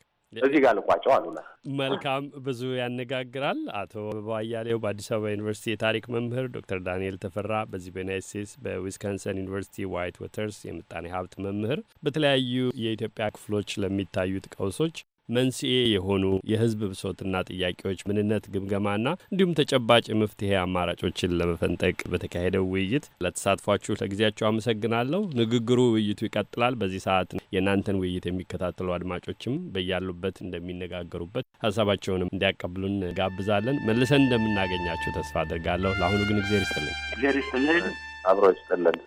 Speaker 4: እዚህ ጋር ልቋጨው አሉና፣
Speaker 5: መልካም ብዙ ያነጋግራል። አቶ አበባ አያሌው በአዲስ አበባ ዩኒቨርሲቲ የታሪክ መምህር፣ ዶክተር ዳንኤል ተፈራ በዚህ በዩናይት ስቴትስ በዊስኮንሰን ዩኒቨርሲቲ ዋይት ወተርስ የምጣኔ ሀብት መምህር፣ በተለያዩ የኢትዮጵያ ክፍሎች ለሚታዩት ቀውሶች መንስኤ የሆኑ የህዝብ ብሶትና ጥያቄዎች ምንነት ግምገማና እንዲሁም ተጨባጭ መፍትሄ አማራጮችን ለመፈንጠቅ በተካሄደው ውይይት ለተሳትፏችሁ ለጊዜያቸው አመሰግናለሁ። ንግግሩ ውይይቱ ይቀጥላል። በዚህ ሰዓት የእናንተን ውይይት የሚከታተሉ አድማጮችም በያሉበት እንደሚነጋገሩበት ሀሳባቸውንም እንዲያቀብሉን ጋብዛለን። መልሰን እንደምናገኛችሁ ተስፋ አድርጋለሁ። ለአሁኑ ግን እግዜር ይስጥልኝ።
Speaker 6: እግዜር ይስጥልኝ።
Speaker 4: አብሮ ይስጥልን።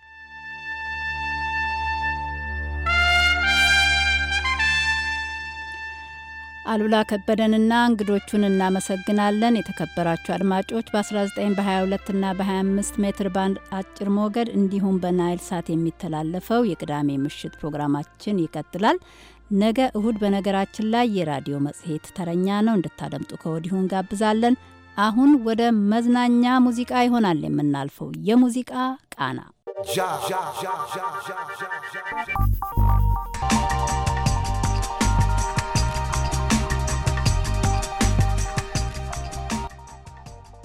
Speaker 1: አሉላ ከበደንና እንግዶቹን እናመሰግናለን። የተከበራችሁ አድማጮች በ19 በ22 እና በ25 ሜትር ባንድ አጭር ሞገድ እንዲሁም በናይል ሳት የሚተላለፈው የቅዳሜ ምሽት ፕሮግራማችን ይቀጥላል። ነገ እሁድ በነገራችን ላይ የራዲዮ መጽሔት ተረኛ ነው፣ እንድታደምጡ ከወዲሁ እንጋብዛለን። አሁን ወደ መዝናኛ ሙዚቃ ይሆናል የምናልፈው። የሙዚቃ ቃና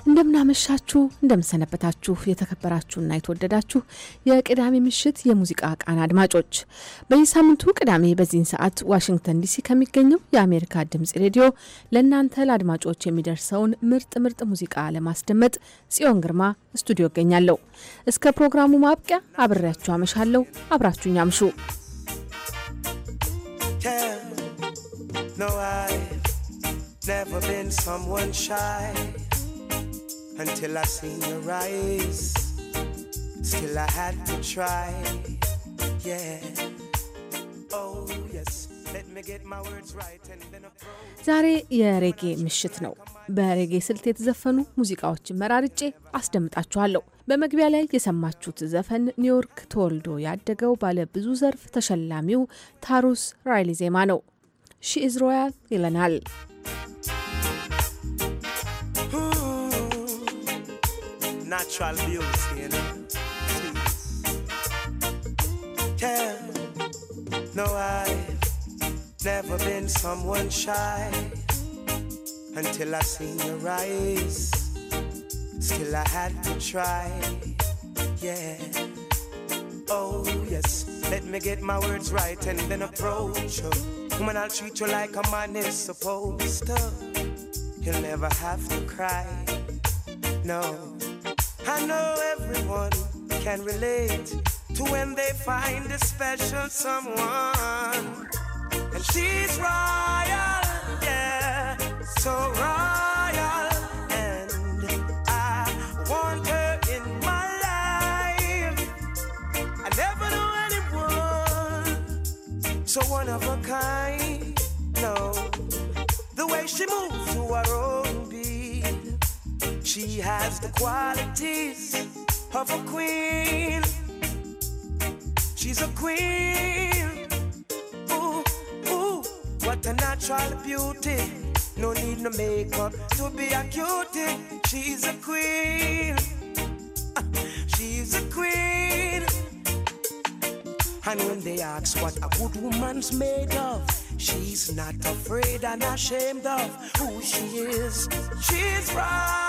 Speaker 7: እንደምናመሻችሁ እንደምንሰነበታችሁ የተከበራችሁና የተወደዳችሁ የቅዳሜ ምሽት የሙዚቃ ቃና አድማጮች በየሳምንቱ ቅዳሜ በዚህን ሰዓት ዋሽንግተን ዲሲ ከሚገኘው የአሜሪካ ድምጽ ሬዲዮ ለእናንተ ለአድማጮች የሚደርሰውን ምርጥ ምርጥ ሙዚቃ ለማስደመጥ ጽዮን ግርማ ስቱዲዮ እገኛለሁ። እስከ ፕሮግራሙ ማብቂያ አብሬያችሁ አመሻለሁ። አብራችሁኝ አምሹ።
Speaker 8: No, I've never been someone shy. until I seen your eyes. Still, I had to try. Yeah. Oh,
Speaker 7: ዛሬ የሬጌ ምሽት ነው። በሬጌ ስልት የተዘፈኑ ሙዚቃዎችን መራርጬ አስደምጣችኋለሁ። በመግቢያ ላይ የሰማችሁት ዘፈን ኒውዮርክ ተወልዶ ያደገው ባለ ብዙ ዘርፍ ተሸላሚው ታሩስ ራይሊ ዜማ ነው። ሺ ኢዝ ሮያል ይለናል።
Speaker 8: natural beauty, you know. Yeah, no, I've never been someone shy until I seen your eyes. Still, I had to try. Yeah. Oh, yes. Let me get my words right and then approach you. Woman, I'll treat you like a man is supposed to. You'll never have to cry. No. I know everyone can relate to when they find a special someone. And she's royal, yeah, so royal. And I want her in my life. I never know anyone so one of a kind. No, the way she moves to her own. She has the qualities of a queen. She's a queen. Ooh, ooh, what a natural beauty. No need no makeup to be a cutie. She's a queen. She's a queen. And when they ask what a good woman's made of, she's not afraid and ashamed of who she is. She's right.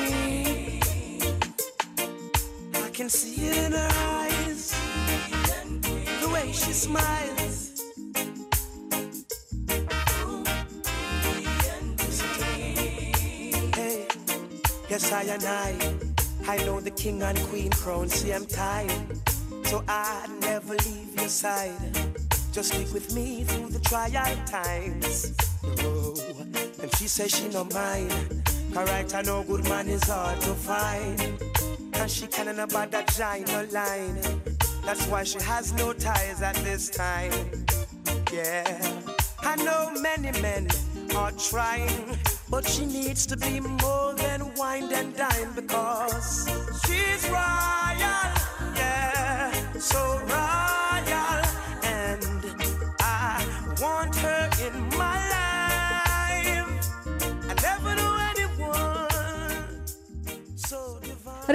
Speaker 8: see it in her eyes, the way she smiles. Hey, yes, I and I, I know the king and queen crown. See, I'm tired, so I never leave your side. Just stick with me through the trial times. Oh, and she says she no mine. Correct, I know good man is hard to find she can't about that giant line. That's why she has no ties at this time. Yeah. I know many men are trying, but she needs to be more than wine and dine because she's royal. Yeah, so royal.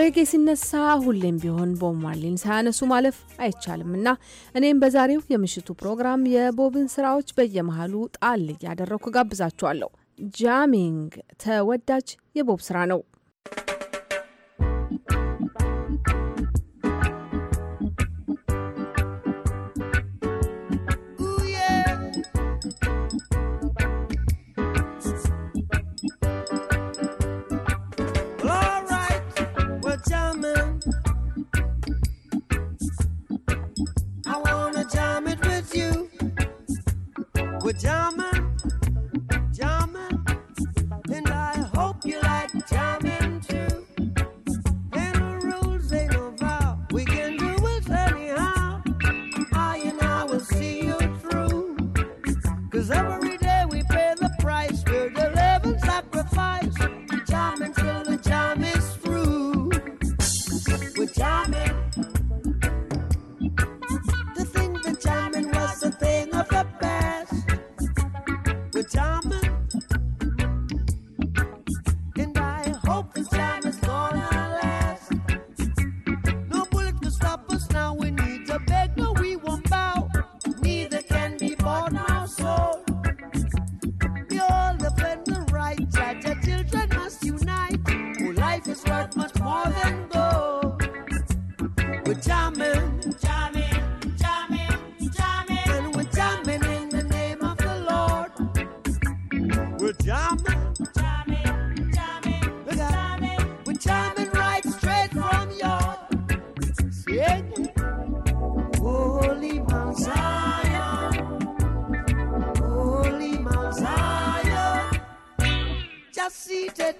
Speaker 7: ሬጌ ሲነሳ ሁሌም ቢሆን ቦብ ማርሊን ሳያነሱ ማለፍ አይቻልም እና እኔም በዛሬው የምሽቱ ፕሮግራም የቦብን ስራዎች በየመሃሉ ጣል እያደረኩ ጋብዛችኋለሁ። ጃሚንግ ተወዳጅ የቦብ ስራ ነው።
Speaker 8: pajama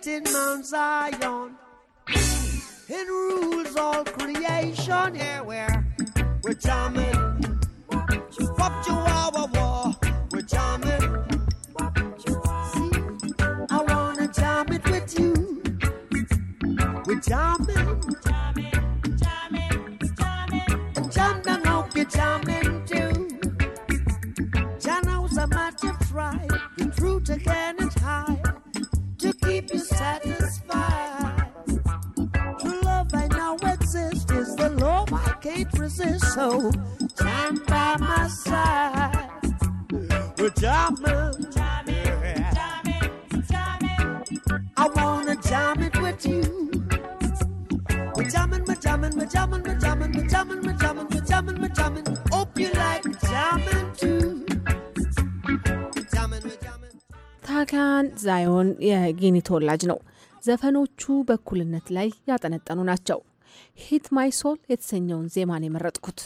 Speaker 8: in Mount Zion and rules all creation. Yeah, we're, we're jamming. Pop Chihuahua war, we're jamming. See, I wanna jam it with you. We're jamming. soul Time by my side With diamond
Speaker 7: ታካን ዛዮን የጊኒ ተወላጅ ነው። ዘፈኖቹ በእኩልነት ላይ ያጠነጠኑ ናቸው። ሂት ማይ ሶል የተሰኘውን ዜማን የመረጥኩት።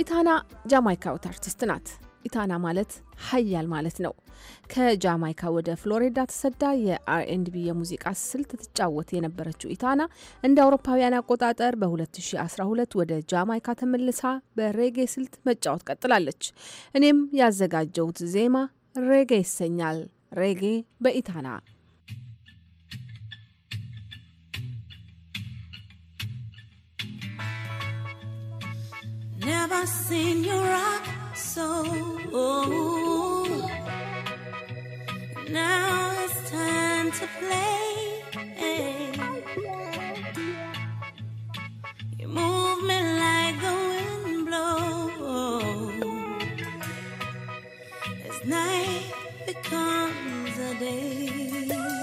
Speaker 7: ኢታና ጃማይካዊት አርቲስት ናት። ኢታና ማለት ሀያል ማለት ነው። ከጃማይካ ወደ ፍሎሪዳ ተሰዳ የአርኤንድቢ የሙዚቃ ስልት ትጫወት የነበረችው ኢታና እንደ አውሮፓውያን አቆጣጠር በ2012 ወደ ጃማይካ ተመልሳ በሬጌ ስልት መጫወት ቀጥላለች። እኔም ያዘጋጀሁት ዜማ ሬጌ ይሰኛል። ሬጌ በኢታና
Speaker 9: never seen you rock so. Now it's time to play. You move me like the wind blows. As night becomes a day.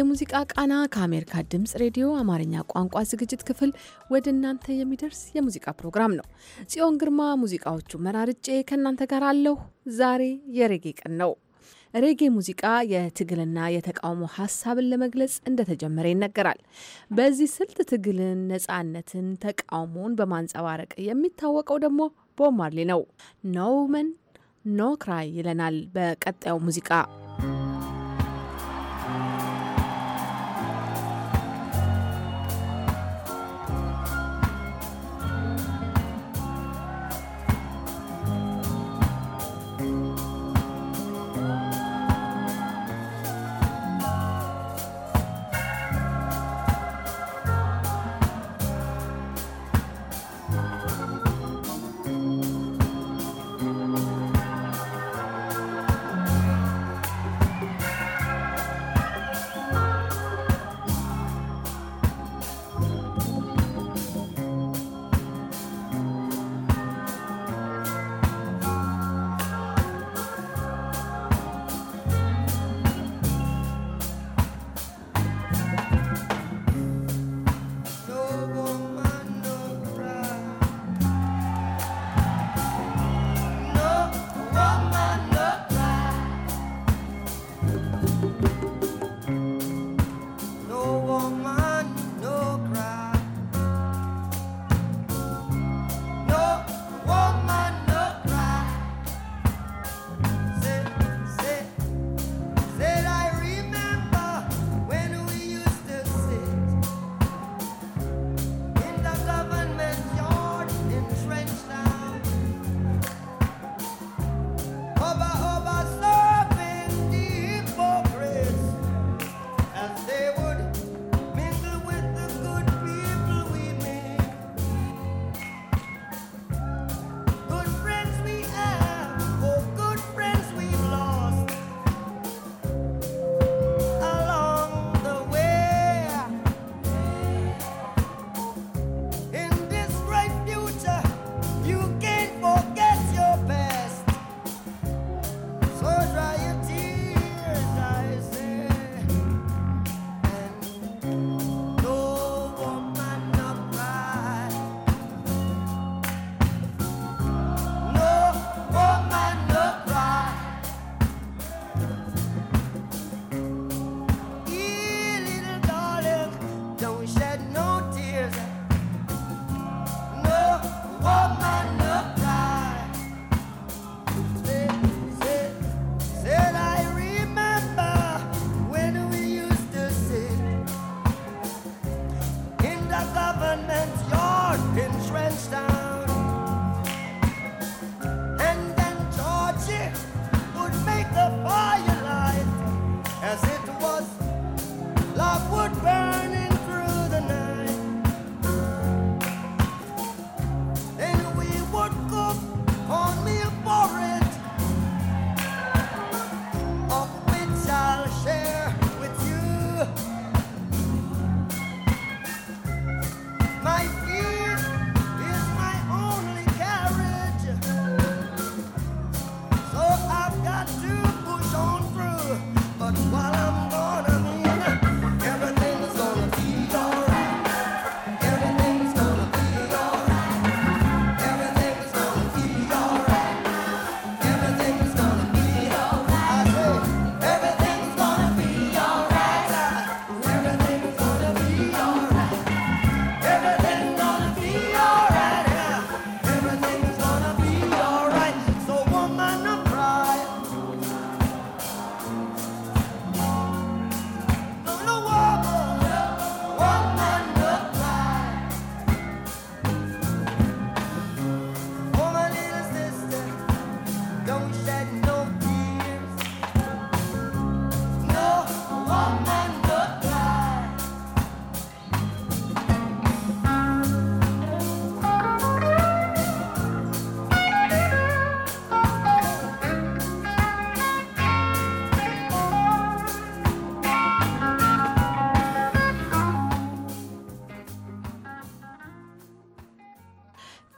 Speaker 7: የሙዚቃ ቃና ከአሜሪካ ድምፅ ሬዲዮ አማርኛ ቋንቋ ዝግጅት ክፍል ወደ እናንተ የሚደርስ የሙዚቃ ፕሮግራም ነው። ጽዮን ግርማ ሙዚቃዎቹ መራርጬ ከእናንተ ጋር አለሁ። ዛሬ የሬጌ ቀን ነው። ሬጌ ሙዚቃ የትግልና የተቃውሞ ሀሳብን ለመግለጽ እንደተጀመረ ይነገራል። በዚህ ስልት ትግልን፣ ነፃነትን፣ ተቃውሞን በማንጸባረቅ የሚታወቀው ደግሞ ቦብ ነው። ኖ ውመን ኖ ክራይ ይለናል በቀጣዩ ሙዚቃ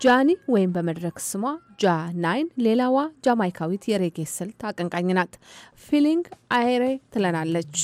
Speaker 7: ጃኒ ወይም በመድረክ ስሟ ጃ ናይን ሌላዋ ጃማይካዊት የሬጌ ስልት አቀንቃኝ ናት። ፊሊንግ አይሬ ትለናለች።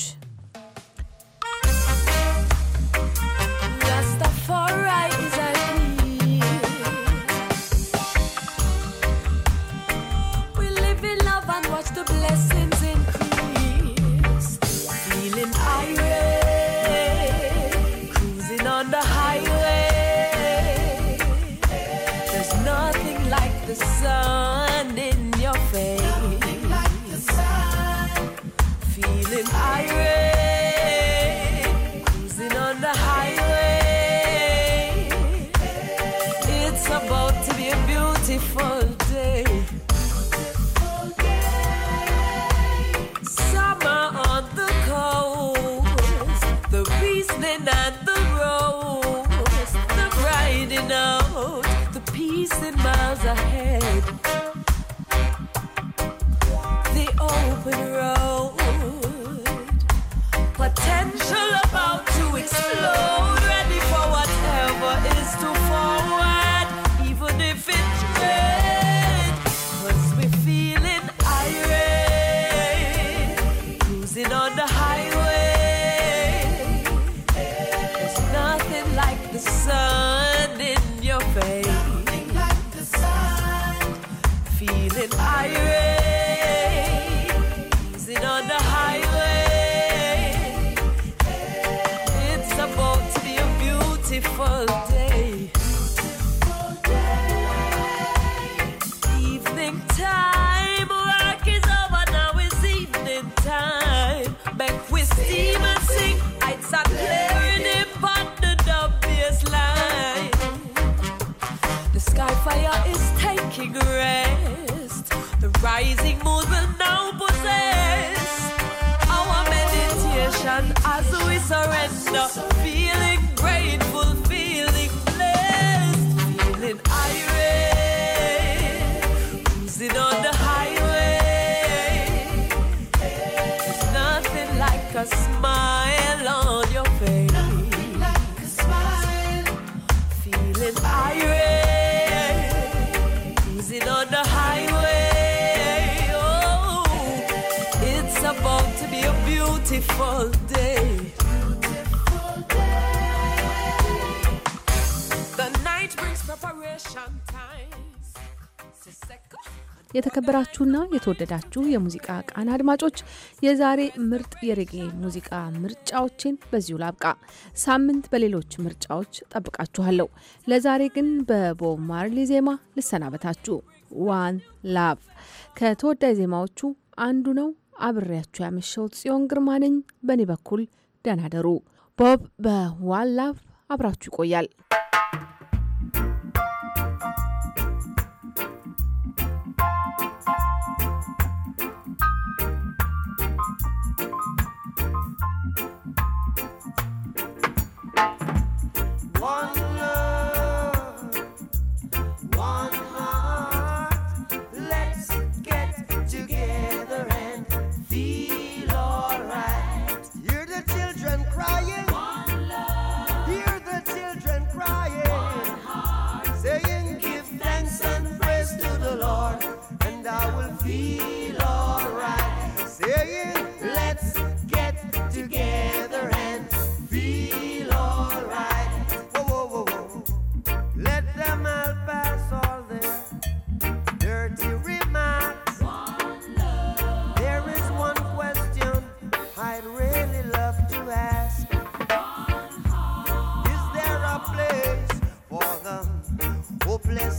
Speaker 7: የተከበራችሁና የተወደዳችሁ የሙዚቃ ቃና አድማጮች የዛሬ ምርጥ የሬጌ ሙዚቃ ምርጫዎችን በዚሁ ላብቃ። ሳምንት በሌሎች ምርጫዎች ጠብቃችኋለሁ። ለዛሬ ግን በቦብ ማርሊ ዜማ ልሰናበታችሁ። ዋን ላቭ ከተወዳጅ ዜማዎቹ አንዱ ነው። አብሬያችሁ ያመሸሁት ጽዮን ግርማ ነኝ። በእኔ በኩል ደህና ደሩ። ቦብ በዋን ላቭ አብራችሁ ይቆያል።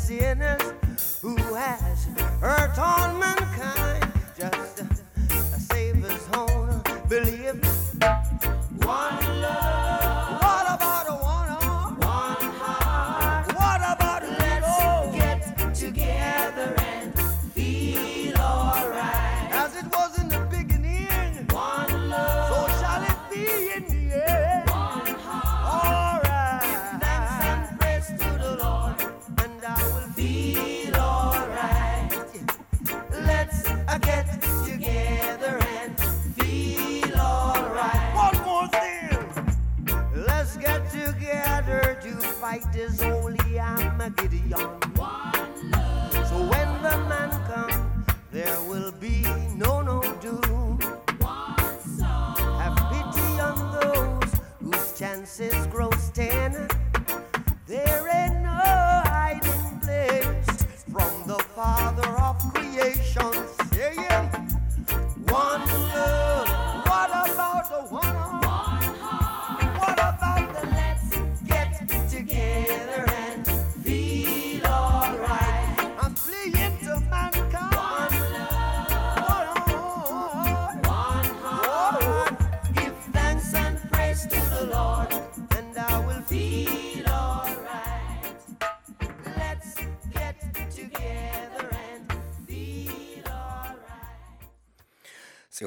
Speaker 8: sienes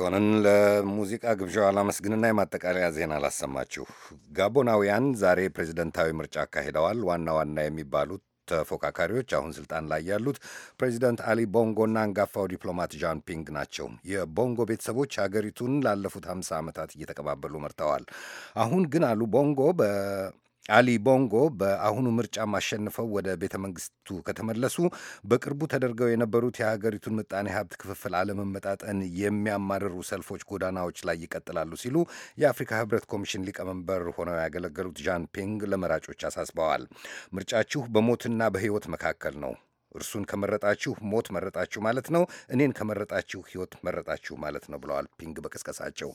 Speaker 2: ጽዮንን ለሙዚቃ ግብዣዋ ላመስግንና የማጠቃለያ ዜና ላሰማችሁ። ጋቦናውያን ዛሬ ፕሬዚደንታዊ ምርጫ አካሂደዋል። ዋና ዋና የሚባሉት ተፎካካሪዎች አሁን ስልጣን ላይ ያሉት ፕሬዚደንት አሊ ቦንጎና አንጋፋው ዲፕሎማት ዣን ፒንግ ናቸው። የቦንጎ ቤተሰቦች ሀገሪቱን ላለፉት 50 ዓመታት እየተቀባበሉ መርተዋል። አሁን ግን አሉ ቦንጎ አሊ ቦንጎ በአሁኑ ምርጫም አሸንፈው ወደ ቤተ መንግስቱ ከተመለሱ በቅርቡ ተደርገው የነበሩት የሀገሪቱን ምጣኔ ሀብት ክፍፍል አለመመጣጠን የሚያማርሩ ሰልፎች ጎዳናዎች ላይ ይቀጥላሉ ሲሉ የአፍሪካ ህብረት ኮሚሽን ሊቀመንበር ሆነው ያገለገሉት ዣን ፒንግ ለመራጮች አሳስበዋል። ምርጫችሁ በሞትና በህይወት መካከል ነው እርሱን ከመረጣችሁ ሞት መረጣችሁ ማለት ነው፣ እኔን ከመረጣችሁ ህይወት መረጣችሁ ማለት ነው ብለዋል ፒንግ በቅስቀሳቸው።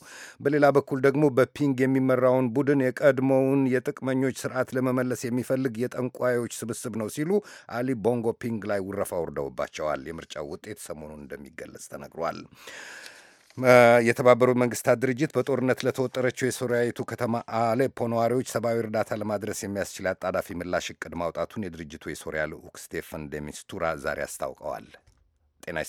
Speaker 2: በሌላ በኩል ደግሞ በፒንግ የሚመራውን ቡድን የቀድሞውን የጥቅመኞች ስርዓት ለመመለስ የሚፈልግ የጠንቋዮች ስብስብ ነው ሲሉ አሊ ቦንጎ ፒንግ ላይ ውረፋ ውርደውባቸዋል የምርጫው ውጤት ሰሞኑን እንደሚገለጽ ተነግሯል። የተባበሩት መንግስታት ድርጅት በጦርነት ለተወጠረችው የሶሪያዊቱ ከተማ አሌፖ ነዋሪዎች ሰብአዊ እርዳታ ለማድረስ የሚያስችል አጣዳፊ ምላሽ እቅድ ማውጣቱን የድርጅቱ የሶሪያ ልዑክ ስቴፈን ደሚስቱራ ዛሬ አስታውቀዋል። ጤና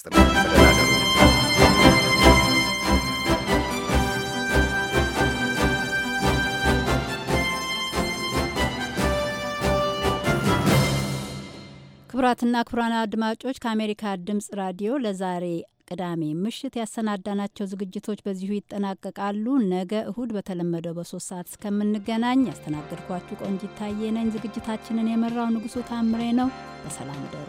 Speaker 1: ክቡራትና ክቡራን አድማጮች ከአሜሪካ ድምፅ ራዲዮ ለዛሬ ቅዳሜ ምሽት ያሰናዳናቸው ዝግጅቶች በዚሁ ይጠናቀቃሉ። ነገ እሁድ በተለመደው በሶስት ሰዓት እስከምንገናኝ ያስተናገድኳችሁ ቆንጂ ታዬ ነኝ። ዝግጅታችንን የመራው ንጉሱ ታምሬ ነው። በሰላም ደሩ።